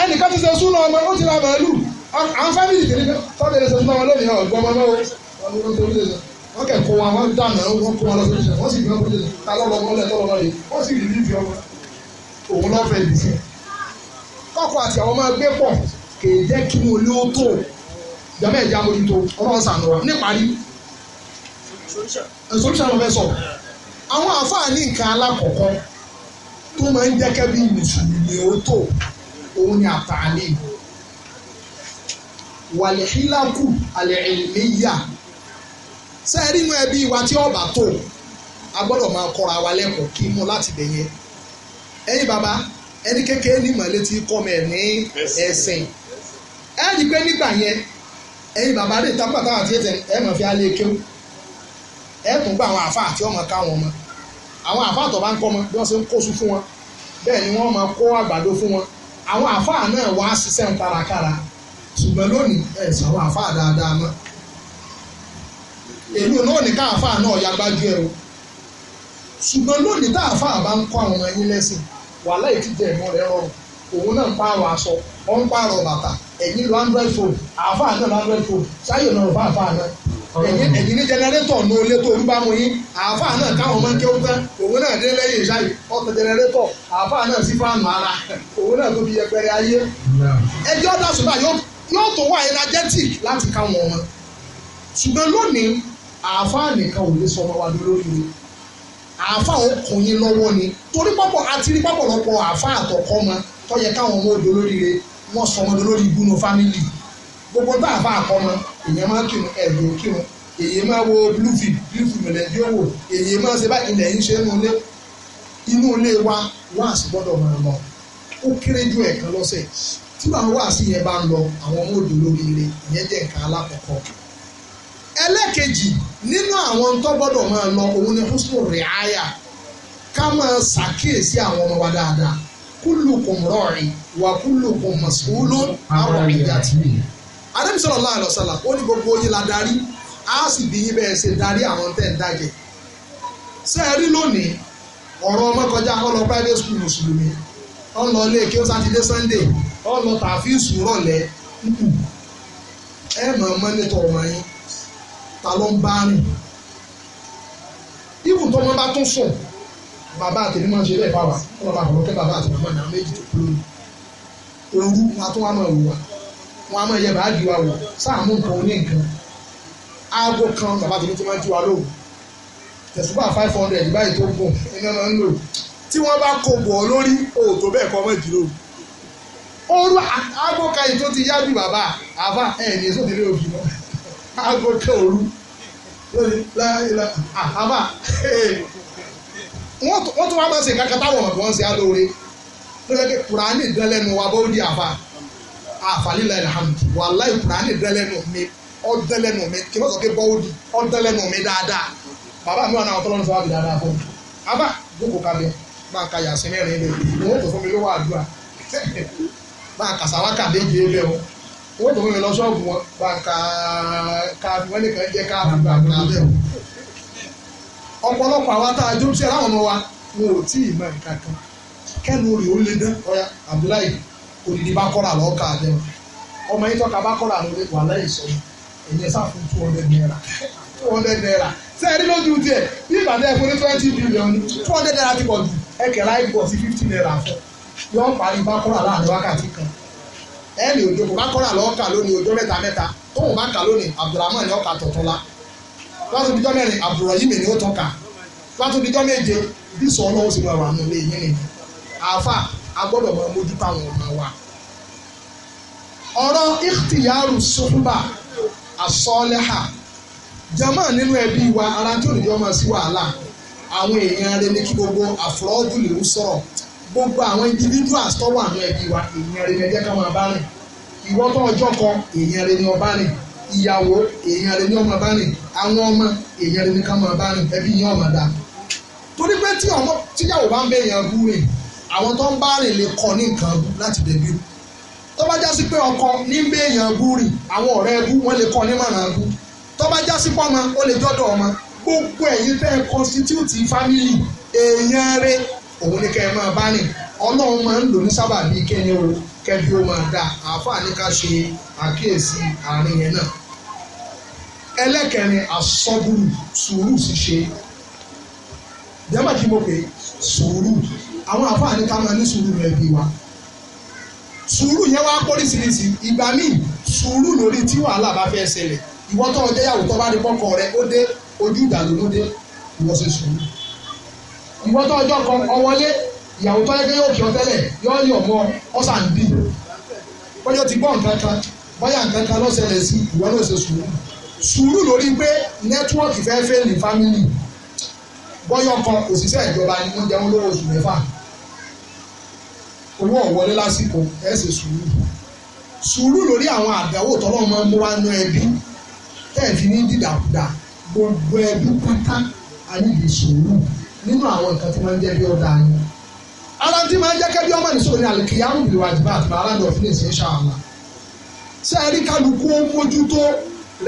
ẹnìkan ti ṣe súnà ọmọ ó ti ra màálù àwọn fámìlì kìíní sábẹ́ ẹ̀rẹ́sẹ̀ fún wọn lónìí ọ̀gbọ́n wọn lọ́wọ́ wọn kẹ̀ kó wọn wọn dànù wọn kó wọn lọ sórí wọn sì gbé wọn kó lè ta lọ́wọ́ wọn lẹ́ tọ́lọ́ lọ́yìn wọn sì rí níbi ọmọ òun lọ́fẹ̀ẹ́ ìdí sí. kọ́kọ́ àti àwọn máa gbé pọ̀ kì í jẹ́ kí wọn lé ó tó ìjọba ẹ̀já mójútó ọlọ́run sànù wa níparí solution ló fẹ́ sọ àwọn àfààní nǹkan alákọ̀ọ́kọ́ tó máa ń jẹ́ kẹ́bí mùsùlùmí ó tó òun ni àtàlẹ́ ìbò wàlẹ́hílákù àlẹ́hìnmíyà sẹ́ẹ̀rí inú ẹbí wa tí ọba tó a gbọ́dọ̀ máa kọ́ra wa lẹ́kọ̀ọ́ kí mú láti bẹ̀ yẹn ẹ̀yin bàbá ẹni kékeré ní ìmọ̀lẹ́ ti kọ́ mẹ́ ní ẹ̀sìn ẹ̀ rí pé nígbà yẹn ẹ̀yin bàbá rè tápàtà àti ẹ̀tẹ̀ ẹ̀ mọ̀ fi alẹ́ kéwù ẹ̀ tún gba àwọn àfa àti ọmọ káwọn ọmọ àwọn àfa àtọ̀ bá ń kọ́ ọmọ bí wọ́n ṣe ń kóṣu fún wọn bẹ́ẹ̀ ni wọ́n máa kó àgbàdo fún wọn àwọn àfa náà wá ṣiṣẹ́ ń tarakara ṣùgbọ́n lónìí ẹ̀ sàwọn àfáà dáadáa mọ́ èlò náà ní ká àfáà náà ya gbájú ẹ o ṣùgbọ́n lónìí tá àfáà bá ń kọ́ àwọn ọmọ yín lẹ́sìn wàhálà ìtìjẹ́ ìmọ̀ rẹ rọrùn òun náà ń pààrọ̀ aṣọ ó ń pààrọ̀ bàtà ẹ̀yin lo android phone àfáà náà lo android phone sáyè náà fà àfáà náà ẹ̀yin ní jẹnẹrétọ̀ ní olé tó olú bá mu yín àfáà náà káwọn máa ń kéwú tán òun náà dé lẹ́yìn ìṣáyè ọ̀tọ̀ jẹnẹrétọ̀ àfáà náà sí fáànù ara òun náà tóbi yẹpẹrẹ ayé ẹjọ́ dàsùn náà yóò tó wà energetic láti káwọn ọmọ ṣùgbọ́n lónìí àáfàá nìkan ò lè sọ ọmọ wa lórí rẹ̀ àáfàá ọkùnrin lọ́wọ́ ni torí pápọ̀ àti rí pápọ̀ lọ́pọ̀ àáfàá àtọ̀kọ́ ma tó yẹ káwọn ọmọ òdo lórí rẹ̀ wọ́n sọ ọmọdé lórí ibú nu fámìlì gbogbo tá àáfàá àkọ́ ma èèyàn máa kírun ẹ̀dùn kírun èèyàn máa wo blue film blue film lẹ́bí ó wò èèyàn máa ṣe báyìí ilẹ̀ yìí ṣe inú ilé inú ilé wa wá àsìgbọ́dọ̀ máa lọ ó kéré ju ẹ̀kan lọ́sẹ̀ tí màá wá sí yẹn bá ń lọ àwọn ọmọ òdò lóríire ìyẹn jẹ́ nǹkan alákọ̀ọ́kọ́ ẹlẹ́kejì nínú àwọn tó gbọ́dọ̀ máa lọ òun ni húsùn rẹ̀ áyà ká máa ṣàkíyèsí àwọn ọmọ wa dáadáa kúlùkùn rọ̀rìn wà kúlùkùn mọ̀sùlù àwọn ìjà tì mí. adébí sọ̀rọ̀ láàrín lọ́sàlà ó ní gbogbo yín la darí á sì bí yín bẹ́ẹ̀ ṣe darí àwọn tẹ̀ ń dájẹ́. ṣé ẹ rí lónìí ọ̀rọ̀ ọmọ kọjá ọlọ private school mùsùlùmí ọ̀nà ilé kí ó sátidé sunday ọlọ tàfíìsù rọ̀lẹ́ nkù ẹ mọ̀ mọ́nítọ̀ ọmọ yín ta ló ń bá rìn ibùn tó wọn bá tún sùn bàbá àtẹ̀mí máa ń ṣe bẹ́ẹ̀ fáwà wọn bá àwọn kẹ́ bàbá àti màmá náà méjì tó kúrò ní òru wọn tún wá máa wù wá wọn a máa yẹ bàájì wa wọ sáàmù nǹkan oní nǹkan aago kan bàbá àtẹ̀mí tó máa ń jí wa lóhùn tẹ̀sùbà five hundred báyìí tó gùn iná náà ń lò tí wọ́n bá kó bọ̀ lórí òòtó bẹ́ẹ̀ kọ́ mọ́ ìdílé òòtó oru aago kan yìí tó ti yá ju bàbá àbá ẹ ní èso ìdílé òbí mọ aago kan òru lórí láìla àbá wọ́n tún wá máa ṣe kankan táwọn ọmọ tí wọ́n ṣe alóore lọ́jọ́ pé kùránì dán lẹ́nu wa bó di àbá àfàlílà alhamdu wàláì kùránì dán lẹ́nu mi ó dán lẹ́nu mi kí wọ́n sọ pé bọ́wọ́ di ó dán mi dáadáa bàbá mi wà náà ọtọ́lọ́nù sọ́wọ́ mi dáadáa fún àbá jókòó kábíyà máa ka yàsí mẹ́rin lè wọ́n tó fún mi lówó àdúrà na kasawa ka dị méje ebe o wọ́n tó lọ ṣọ́ọ̀bù nwere ka a ka káàbì wọ́n nìkan jẹ́ káàbì bá a ọkụ ọkụ o. ọ̀pọ̀lọpọ̀ àwa tá a jó sí aláwọn ọmọ wa wọn ò tí ì mọ odidi bakọrọ ala ọka naira naira billion yóò parí bákọ́rà láàrin wákàtí kan ẹ̀ẹ́nì òjò kò bákọ́rà lọ́ọ̀kà lónìí ọjọ́ mẹ́ta mẹ́ta tóun bá kà lónìí abdulrahman ni ó kà tọ̀tún la látòbí jọ́ mẹ́rin abdulrahim ni ó tún kà látòbí jọ́ méje bí sọ ọlọ́run sì máa nù lé yín nìyí àáfà agbọ́dọ̀ máa mójú táwọn ọmọ wa. ọ̀rọ̀ ikhtiyaru suhba asọ́lẹ́hà jama nínú ẹbí wa arájú òdìjọ́ máa sí wàhálà àwọn èèyàn rẹ kí gbogbo àfọlọ́dún lè ń sọ̀rọ̀ gbogbo àwọn individuals tó wà ní ẹbí wa èèyàn rẹ ni máa bá rìn kan ni ọba rìn ìyàwó ni ọmọ bá rìn àwọn ọmọ ni ká máa bá rìn ẹbí yẹn ọmọ torí pé tí ọmọ tíyàwó bá ń bẹ èèyàn bú rìn àwọn tó ń bá rìn lè kọ ní nǹkan láti dẹbí tó bá jásí pé ọkọ ní ń bẹ àwọn ọ̀rẹ́ wọn lè kọ ní màrán bá òun ní kẹ́ ẹ máa bá rìn ọlọ́run máa ń lò ní sábà bíi kẹ́ni o kẹ́bí ó máa dáa àáfàá ní ká ṣe àkíyèsí àárín yẹn náà. ẹlẹ́kẹ̀rin àsọ́bùrù sùúrù ṣíṣe jẹ́mà kí mo pè sùúrù àwọn àáfàá ní ká máa ní sùúrù rẹ̀ bí wa. sùúrù yẹn wá póríṣiríṣi ìgbà míì sùúrù lórí tí wàhálà bá fẹ́ ṣẹlẹ̀ ìwọ́tọ̀ ọjọ́ yàwó bá rí pọ́kọ rẹ̀ ó dé ojú ìdàlódé ìwọ́sẹ̀ sùúrù ìwọ tó ọjọ́ kan ọwọlé ìyàwó tó yẹ kí yóò kí ọ tẹ́lẹ̀ yóò yọ̀ mọ́ ọ̀sà ń bì bọ́yọ̀ ti gbọ́ nǹkan kan bọ́yà nǹkan kan lọ́sẹ̀lẹ̀ sí ìwọ náà ṣe sùúrù sùúrù lórí pé nẹ́tíwọ́ọ̀kì fẹ́ fẹ́ẹ̀lì fámìlì bọ́yọ̀ kan òṣìṣẹ́ ìjọba ni wọ́n jẹun lówó oṣù mẹ́fà owó ọ̀wọ́lé lásìkò ẹ̀ ṣe sùúrù sùúrù lórí àwọn àdáwò tọ́lọ́ máa ń mú wá ná ẹbí tẹ́ẹ̀ fi ní dídàkudà gbogbo ẹbí pátá a nídìí sùúrù nínú àwọn nǹkan tí máa ń jẹ́ bí ọ̀dà yín ara tí máa ń jẹ́ kẹ́bí ọmọ nìṣó ni àlùkìyàmù bìrì wàjibá àti bàrádọ̀ fílẹ̀sì ṣàlà ṣé ẹ rí kálukú ó mójútó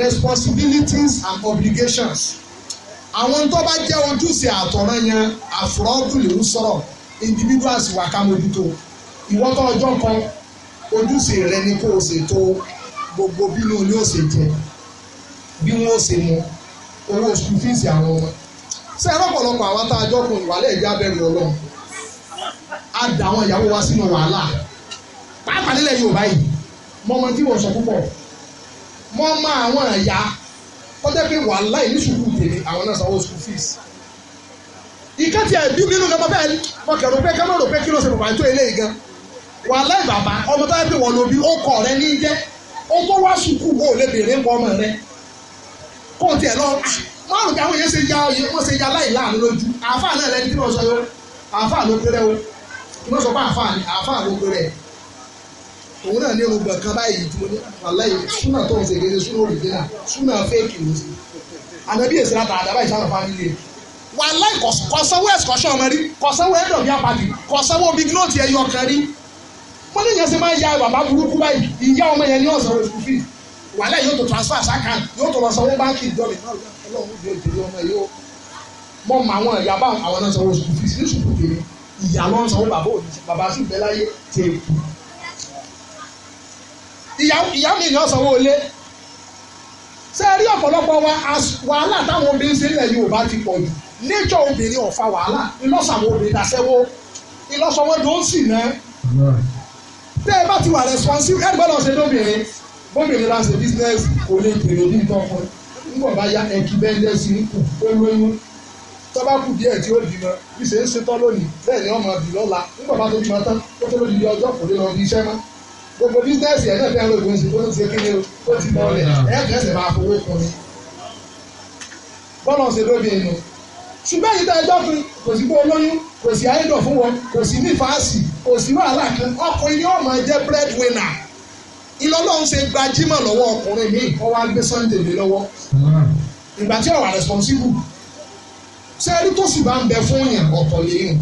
responsibilities and obligations àwọn tó bá jẹ́ ojúṣe àtọ̀ràn yẹn àfúrọ́bùlì ń sọ̀rọ̀ individuals wà ká mójútó ìwọ́tọ̀ ọjọ́ kan ojúṣe rẹ ni kó o ṣètò gbogbo bí lóun ni ó ṣe jẹ bí wọn ṣe mu owó school fees àwọn ọmọ ṣé ẹ lọ́pọ̀lọpọ̀ àwa tá a jọ kun ìwà lẹ́ẹ̀jọ́ abẹ́rù ọlọ́run á da àwọn ìyàwó wa sínú wàhálà pàápàá Yorùbá yìí tí sọ àwọn ẹ̀yà kọ́jẹ́ pé wàhálà ìlú sùkúù tèmi àwọn náà sanwó school fees ìkẹ́ tí ẹ̀ bí nínú ọmọ bẹ́ẹ̀ rò pé rò pé kí ló ṣe bàbá tó ilé yìí gan márùn-ún táwọn èèyàn ṣe ya wọ́n ṣe ya láì láàánú lójú àáfà náà lẹni tí wọ́n sọ yọ àáfà ló péré o wọ́n sọ pé àáfà ni àáfà ló péré òun náà ní orúkọ kan báyìí tí mo ní aláì súnà tó ń ṣe kéde súnà òrìjìnà súnà fẹ́ẹ̀kì ló ṣe ànábì èsì láta àdàbà ìṣàlọ̀ fámìlì ẹ̀ wà láì kọ̀sánwó ẹ̀sìkọ̀ṣọ́ ọmọ rí kọ̀sánwó ẹ̀dọ̀ bí apàdé kọ̀sánwó big note ẹ̀yọ kan rí wọ́n ní ìyẹn ṣe máa ya bàbá burúkú báyìí ìyá ọmọ yẹn ní ọ̀sán rẹ̀ sùfì wà láì yóò tó transfer sákàn yóò tó lọ sanwó báńkì ìjọba ìjọba ọlọ́run yóò jèrè ọmọ yìí ó mọ mọ àwọn ìyá bá àwọn náà sanwó sùkúl fíìsì ní sùkúl tèmi ìyá ló ń sanwó bàbá òní bàbá sì bẹ láyé tèèkù ìyá mi ni ó sanwó ilé ṣé ẹ rí ọ̀pọ̀lọpọ̀ wa wàhálà táwọn obìnrin ṣe nílẹ̀ Yorùbá ti pọ̀ jù nature obìnrin ó fa wàhálà ìlọ́sàwọn obìnrin dàṣẹ́wó ìlọ́sọwọ́dọ̀ ó sì ná tẹ́ ẹ bá ti wà responsible ẹ gbọ́dọ̀ ṣe lóbìnrin bóbìnrin láti ṣe business kò lè bèrè ní ìtọ́kùn nígbà bá ya ẹ̀kí bẹ́ńdẹ́ sí ní kù ó lóyún tó bá kù díẹ̀ tí ó bímọ bí ṣe ń ṣetán lónìí bẹ́ẹ̀ ni ọmọ bì lọ́la nígbà bá tó bímọ tán ó tó lódìdí ọjọ́ kò lè lọ bí iṣẹ́ mọ́ gbogbo bísíǹsì ẹ̀ náà fi àwọn ògbóǹsì tó ti kéde ó ti mọ ọlẹ̀ ẹ̀ kẹsẹ̀ máa fowó kún ni bọ́lọ̀ ṣe lóbi ẹnu ṣùgbọ́n èyí tá ẹ dọ́kun kò sí kó lóyún kò sí ayédọ̀ fún wọn kò sí nífàásì kò sí wàhálà kan ọkùnrin yóò máa jẹ́ breadwinner ìlọ́lọ́run ṣe gbajúmọ̀ lọ́wọ́ ọkùnrin mi kọ́ wá gbé Sunday mi lọ́wọ́ ìgbà tí ọ̀wà responsible ṣé ẹni tó sì bá ń bẹ fún yàn ọ̀tọ̀ lẹ́yìn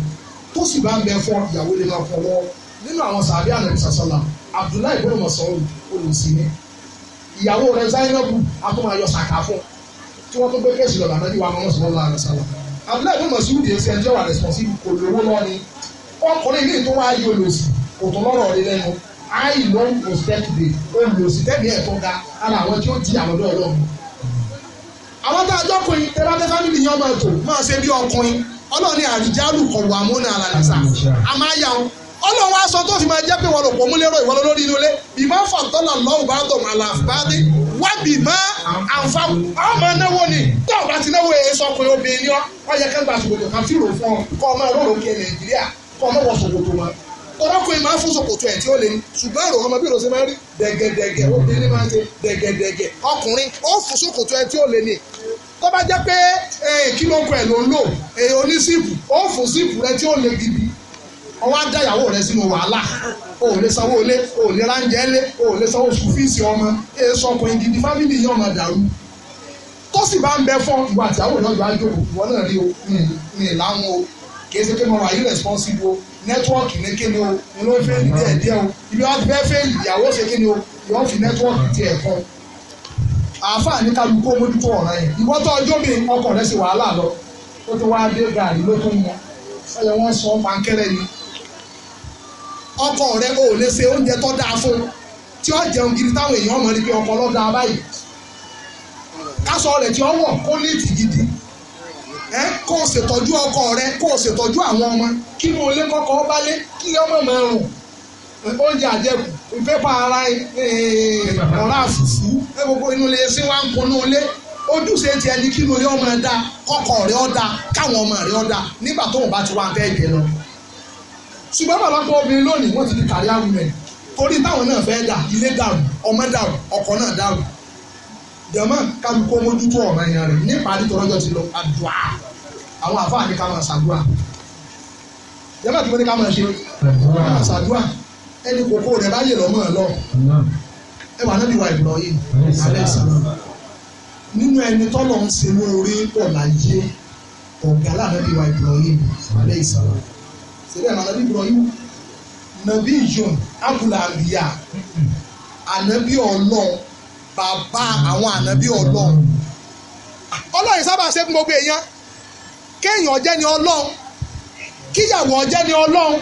tó sì bá ń bẹ fún ìyàwó lè máa fọwọ́ nínú àwọn sàbí ànàbì sàṣọlá Abdullahi ibn Mas'ud olùsíní ìyàwó rẹ̀ Zainabu atúmọ̀ayọ sàkà fún tí wọ́n tó gbé kéèsì lọ́dà náà níwà mọ́mọ́sí wọn lára sálà Abdullahi ibn Mas'ud di ẹsẹ̀ ẹjọ́ wà responsible kò lówó lọ́ni ọkùnrin ilé tó wáyé olùsí kò tó lọ́rọ̀ rí lẹ́nu I long prospect day olùsítẹ́bí ẹ̀ tó ga ara àwọn tí ó di àwọn ọ̀dọ́ ọlọ́run. àwọn tá a jọ kùn in tẹ́lá tẹ́ fámìlì yẹn ọmọ ètò máa ṣe bí ọkùnrin ọlọ́run ní àrìjálù kọ̀wé àmúna àlàlẹ́sà a máa yà wọn. ọlọ́run wá sọ tó fi máa jẹ́ pé wọn lò pọ̀ múlẹ́rọ̀ ìwọ lórí inú ilé ìmọ̀ fàtọ́là lọ́wọ́ bá dọ̀ àlàfáàdé wá bì má àǹfà ọmọ náwó ni tó o bá ti náwó èyí sọkùnrin obìnrin ni ọ ọ yẹ kẹ́ńtà ṣòkòtò kan fìrò fún ọ kọ́ ọmọ ìrọ̀rùn kẹ Nàìjíríà kọ́ ọmọ wọ ṣòkòtò wọn ọ̀rọ̀kùnrin máa fún sòkòtò ẹ̀ tí ó lè ní ṣùgbọ́n àrò ọmọ bí máa rí dẹ̀gẹ̀dẹ̀gẹ̀ obìnrin máa ń ṣe dẹ̀gẹ̀dẹ̀gẹ̀ ọkùnrin ó fún sòkòtò ẹ̀ tí ó lè ní tó bá jẹ́ pé kí ló ń èyí ó fún síìpù rẹ tí ó lè gidi ọwọ́ ìyàwó rẹ sínú wàhálà lè sanwó lè lè sanwó ọmọ gidi fámìlì yìí ọmọ dàrú tó sì bá ń bẹ ìwà àtìyàwó nẹ́tíwọ́ọ̀kì ní kíni o ló ń fẹ́ ní díẹ̀ díẹ̀ o ibi wọn fẹ́ fẹ́ ìyàwó ṣe kíni o yóò fi nẹ́tíwọ́ọ̀kì ti ẹ̀ kọ́ àáfàá ní kálukú mójútó ọ̀ràn yẹn ìwọ́n tó ọjọ́ mi ọkọ̀ rẹ̀ ṣe wàhálà lọ ó ti wáá dé gàrí ló tó ń mọ ọyọ wọn sọ pankẹ́rẹ́ ni ọkọ rẹ̀ ò lè ṣe oúnjẹ tó dáa fún tí ó jẹun gidi táwọn èèyàn mọ̀ ní ẹ kó o ṣètọ́jú ọkọ rẹ kó o ṣètọ́jú àwọn ọmọ kí ni olè kọ́kọ́ bá lé kí ọmọ máa rùn oúnjẹ àjẹkù pépà ara eh, ọ̀rá fùfú ẹ gbogbo inú ilé ṣé wàá ń kunú ilé ojúṣe ti ẹni kí lóye ọmọ ẹ dáa kọkọ rẹ ọ dáa káwọn ọmọ rẹ ọ dáa nígbà tóun bá ti wá fẹ́ jẹ lọ. ṣùgbọ́n bàbápọ̀ obìnrin lónìí wọ́n ti di career women torí táwọn náà fẹ́ dà ilé dàrú ọmọ dàrú ọkọ náà dàrú jama kálukó mójútó ọ̀ràn yẹn rẹ̀ nípa àdìtọ́rọ́jọ́ ti lọ àdùá àwọn àfáà ní ká máa ṣàdúrà jama kí wọ́n ní ká máa ṣe máa ṣàdúrà ẹni kòkó rẹ̀ bá yè lọ́mọ́ ẹ̀ lọ ẹ wà nábì wa Ibrahim alẹ́ ìsàlọ́ nínú ẹni tọ́lọ̀ ń ṣe lórí pọ̀ láyé ọ̀gá lànàbí wa Ibrahim alẹ́ ìsàlọ́ sẹ́dẹ̀ ànàbí Ibrahim nàbí ìjọ abúlé àbíyá ànàbí ọlọ́ọ̀ bàbá àwọn ànábì ọlọ́run ah, ọlọ́run sábà ṣe fún gbogbo èèyàn kéèyàn jẹ́ ni ọlọ́run kíyàwó jẹ́ ni ọlọ́run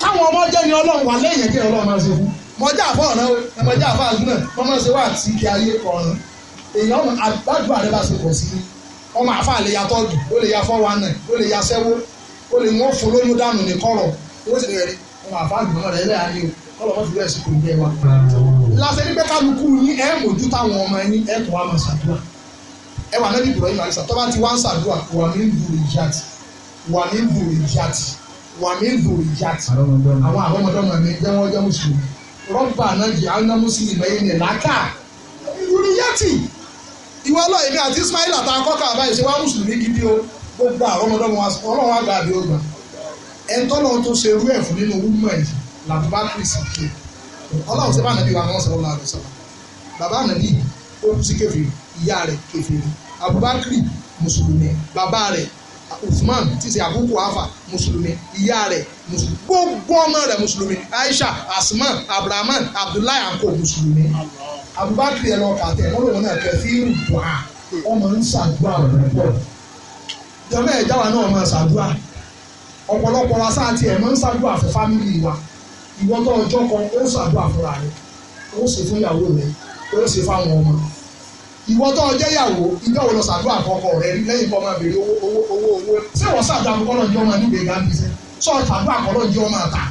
káwọn ọmọ jẹ́ ni ọlọ́run wà lẹ́yìn kí ọlọ́run máa ṣe fún mọjá àfọ ọ̀ràn o mọjá àfọ àdúnà wọn máa ṣe wá àti ìkẹ́ ayé ọ̀ràn èèyàn àgbàdùn àrẹ bá ṣe pọ̀ sí ọmọ àfa lè ya tọ́jú ó lè ya fọ́ wa nà ó lè ya sẹ́wó ó lè wọ́n fún lóyún dànù ní kọ́rọ̀ ó sì rẹ̀ ọmọ àfa àgbọ̀n rẹ̀ lẹ́yìn ayé o kọ́lọ́ láṣẹ ní pé kálukú yín ẹ mójú táwọn ọmọ yín ẹ kò wá máa ṣàdúrà ẹ wà lẹ́bi ìbùrọ̀ yìí màrísà tó bá ti wá ń ṣàdúrà wà mí ń dùn ìyàtì wà mí ń dùn ìyàtì wà mí ń dùn ìyàtì àwọn àrọ́mọdọ́mọ mi jẹ́ wọ́n jẹ́ àwọn náà ni ìwọ lọ èmi àti Ismail àti akọ́kà àbáyé ṣe wá mùsùlùmí gidi o gbogbo àrọ́mọdọ́mọ ọlọ́run àgbà àbí ọgbà ẹ̀ńtọ́ lọ́run tó ṣerú ẹ̀fún nínú wúmọ̀ yìí làbúbá kìrìsìkì ọlọ́run ṣe bá ànábì wa wọn sọ̀rọ̀ láàrin sọ̀rọ̀ bàbá ànábì ó kú sí kẹfìrí ìyá rẹ̀ kẹfìrí abubakar mùsùlùmí bàbá rẹ̀ usman ti ṣe abuku afa mùsùlùmí ìyá rẹ̀ mùsùlùmí gbogbo ọmọ rẹ̀ mùsùlùmí aisha asman abdulrahman abdullahi anko mùsùlùmí abubakar yẹn lọ kà tẹ wọn lòun náà kẹfìrí dùn á ọmọ ń ṣàdúrà rẹ̀ pọ̀ jọmọ ẹ̀jáwa náà máa ṣàdúrà ọ̀pọ̀lọpọ̀ la sáà tiẹ̀ máa ń ṣàdúrà fún fámìlì wa ìwọ́n tó ọjọ́ kan ó ṣàdúrà fúnra rẹ ó ṣe fún ìyàwó rẹ ó ṣe fáwọn ọmọ ìwọ́n tó ọjọ́ ìyàwó ìjọ wo lọ ṣàdúrà àkọ́kọ́ rẹ lẹ́yìn kọ́ máa béèrè owó owó owó owó ṣé wọ́n ṣàdúrà àkọ́kọ́ náà jọ máa níbi ìgbà bíi ṣe sọ ṣàdúrà àkọ́kọ́ náà jọ máa ta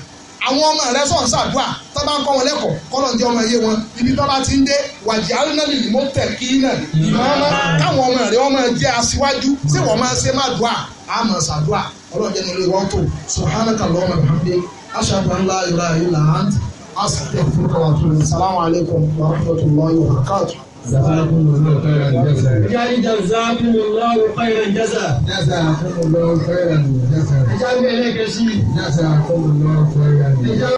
àwọn ọmọ rẹ sọ ṣàdúrà tó bá ń kọ́ wọn lẹ́kọ̀ọ́ kọ́lọ̀ jẹ́ ọmọ iye wọn ibi tó bá ti ń dé wàjì arúnálì ni mo tẹ̀ kí náà ìmọ̀ọ́mọ́ káwọn ọmọ rẹ ọmọ jẹ́ aṣíwájú ṣé wọ́n máa ṣe má dùà àmọ̀ ṣàdúà ọlọ́jẹ́ nílé wọ́n tó subhanaka Allahumma bihamdika ashhadu an la ilaha illa anta astaghfiruka wa atubu assalamu alaikum wa rahmatullahi wa barakatuh. جزاكم الله خيرا جزاء اجعل الله خيرا جزاء جزاكم الله خيرا جزاء